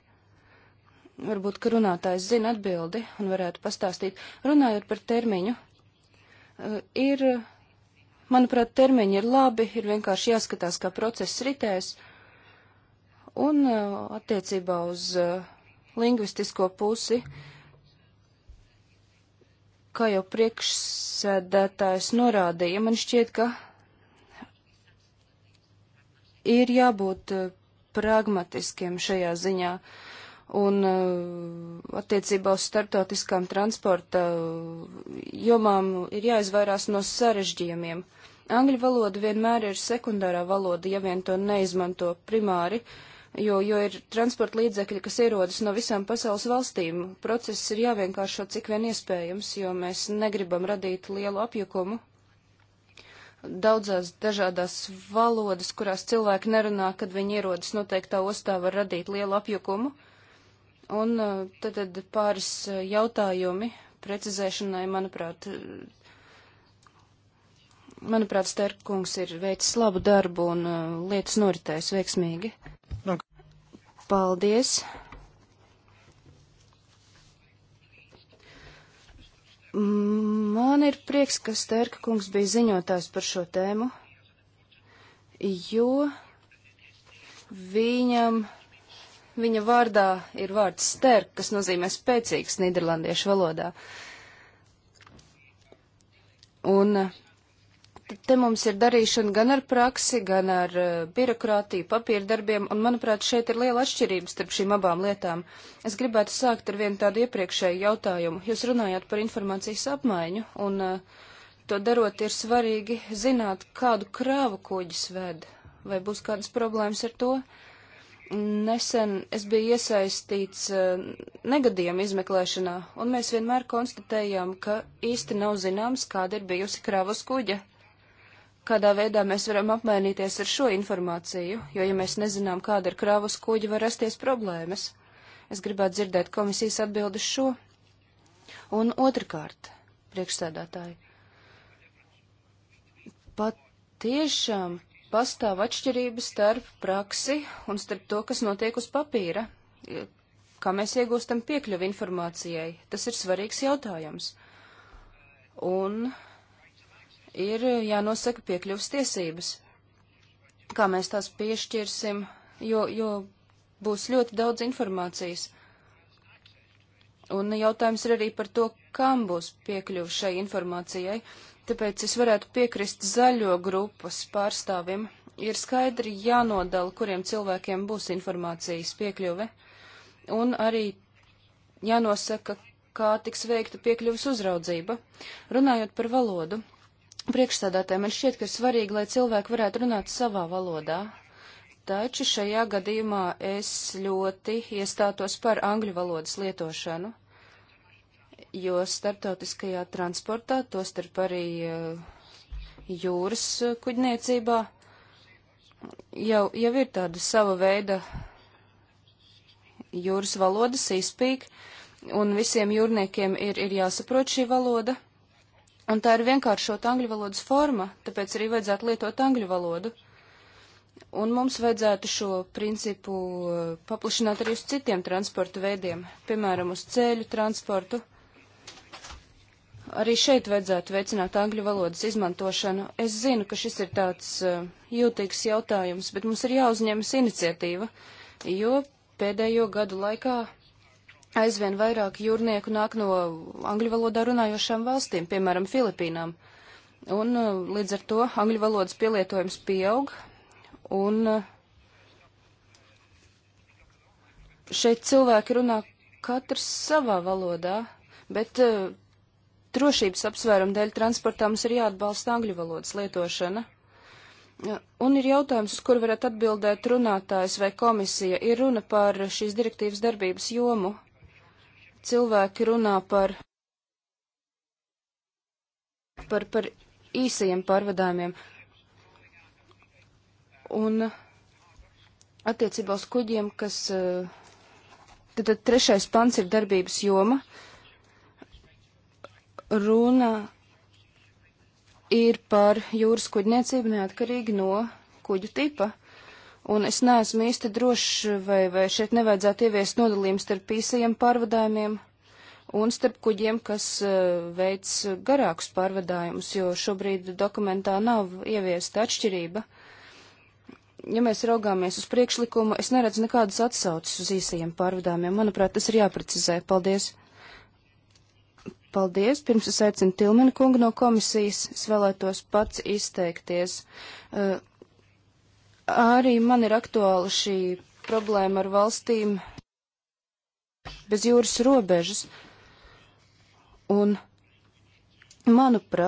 Varbūt, ka runātājs zina atbildi un varētu pastāstīt. Runājot par termiņu, ir Manuprāt, termiņi ir labi, ir vienkārši jāskatās, kā process ritēs. Un uh, attiecībā uz uh, lingvistisko pusi, kā jau priekšsēdētājs norādīja, man šķiet, ka ir jābūt uh, pragmatiskiem šajā ziņā. Uh, un uh, attiecībā uz starptautiskām transporta uh, jomām ir jāizvairās no sarežģījumiem. Angļu valoda vienmēr ir sekundārā valoda, ja vien to neizmanto primāri, jo, jo ir transporta līdzekļi, kas ierodas no visām pasaules valstīm. Process ir jāvienkāršo cik vien iespējams, jo mēs negribam radīt lielu apjukumu. Daudzās dažādās valodas, kurās cilvēki nerunā, kad viņi ierodas noteiktā ostā, var radīt lielu apjukumu. Uh, Un eh, tad, tad pāris eh, jautājumi precizēšanai, manuprāt, eh, manuprāt, Sterkungs ir veicis labu darbu un lietas noritējas veiksmīgi. Nu. Paldies! Man ir prieks, ka Stērka kungs bija ziņotājs par šo tēmu, jo viņam Viņa vārdā ir vārds sterk, kas nozīmē spēcīgs nīderlandiešu valodā. Un eh, te mums ir darīšana gan ar praksi, gan ar uh, birokrātiju, papīra darbiem, un, manuprāt, šeit ir liela atšķirība starp šīm abām lietām. Es gribētu sākt ar vienu tādu iepriekšēju jautājumu. Jūs runājāt par informācijas apmaiņu, un uh, to darot ir svarīgi zināt, kādu krāvu kuģis ved, vai būs kādas problēmas ar to. Uh, Nesen es biju iesaistīts eh, negadījuma izmeklēšanā, un mēs vienmēr konstatējām, ka īsti nav zināms, kāda ir bijusi kravas kuģa. Kādā veidā mēs varam apmainīties ar šo informāciju, jo, ja mēs nezinām, kāda ir kravas kuģa, var rasties problēmas. Es gribētu dzirdēt komisijas atbildes šo. Un otrkārt, priekšsēdētāji, pat tiešām pastāv atšķirības starp praksi un starp to, kas notiek uz papīra, kā mēs iegūstam piekļuvi informācijai. Tas ir svarīgs jautājums. Un ir jānosaka piekļuvas tiesības, kā mēs tās piešķirsim, jo, jo būs ļoti daudz informācijas. Un jautājums ir arī par to, kam būs piekļuva šai informācijai. Tāpēc es varētu piekrist zaļo grupas pārstāvim. Ir skaidri jānodala, kuriem cilvēkiem būs informācijas piekļuve, un arī jānosaka, kā tiks veikta piekļuves uzraudzība. Runājot par valodu, priekšstādātē man šķiet, ka ir svarīgi, lai cilvēki varētu runāt savā valodā, taču šajā gadījumā es ļoti iestātos par angļu valodas lietošanu jo starptautiskajā transportā, tostarp arī eh, jūras eh, kuģniecībā, jau, jau ir tāda sava veida jūras valodas izpīk, un visiem jūrniekiem ir, ir jāsaprot šī valoda. Un tā ir vienkāršota angļu valodas forma, tāpēc arī vajadzētu lietot angļu valodu. Un mums vajadzētu šo principu eh, paplašināt arī uz citiem transportu veidiem, piemēram, uz ceļu transportu. Uh, arī šeit vajadzētu veicināt angļu valodas izmantošanu. Es zinu, ka šis ir tāds uh, jūtīgs jautājums, bet mums ir jāuzņemas iniciatīva, jo pēdējo gadu laikā aizvien vairāk jūrnieku nāk no angļu valodā runājošām valstīm, piemēram, Filipīnām. Un uh, līdz ar to angļu valodas pielietojums pieaug, un uh, šeit cilvēki runā katrs savā valodā, bet uh, drošības apsvērumu dēļ transportā mums ir jāatbalsta angļu valodas lietošana. Un ir jautājums, uz kuru varētu atbildēt runātājs vai komisija. Ir runa par šīs direktīvas darbības jomu. Cilvēki runā par, par, par īsajiem pārvadājumiem. Un attiecībā uz kuģiem, kas. Eh, tad, tad trešais pants ir darbības joma. Uh, runa ir par jūras kuģniecību neatkarīgi no kuģu tipa. Un es neesmu īsti drošs, vai, vai šeit nevajadzētu ieviest nodalījumu starp īsajiem pārvadājumiem un starp kuģiem, kas uh, veic garākus pārvadājumus, jo šobrīd dokumentā nav ieviesta atšķirība. Ja mēs raugāmies uz priekšlikumu, es neredzu nekādas atsaucas uz īsajiem pārvadājumiem. Manuprāt, tas ir jāprecizē. Paldies! Paldies! Pirms es aicinu Tilmeni kungu no komisijas, es vēlētos pats izteikties. Uh, arī man ir aktuāla šī problēma ar valstīm bez jūras robežas. Un, manuprāt,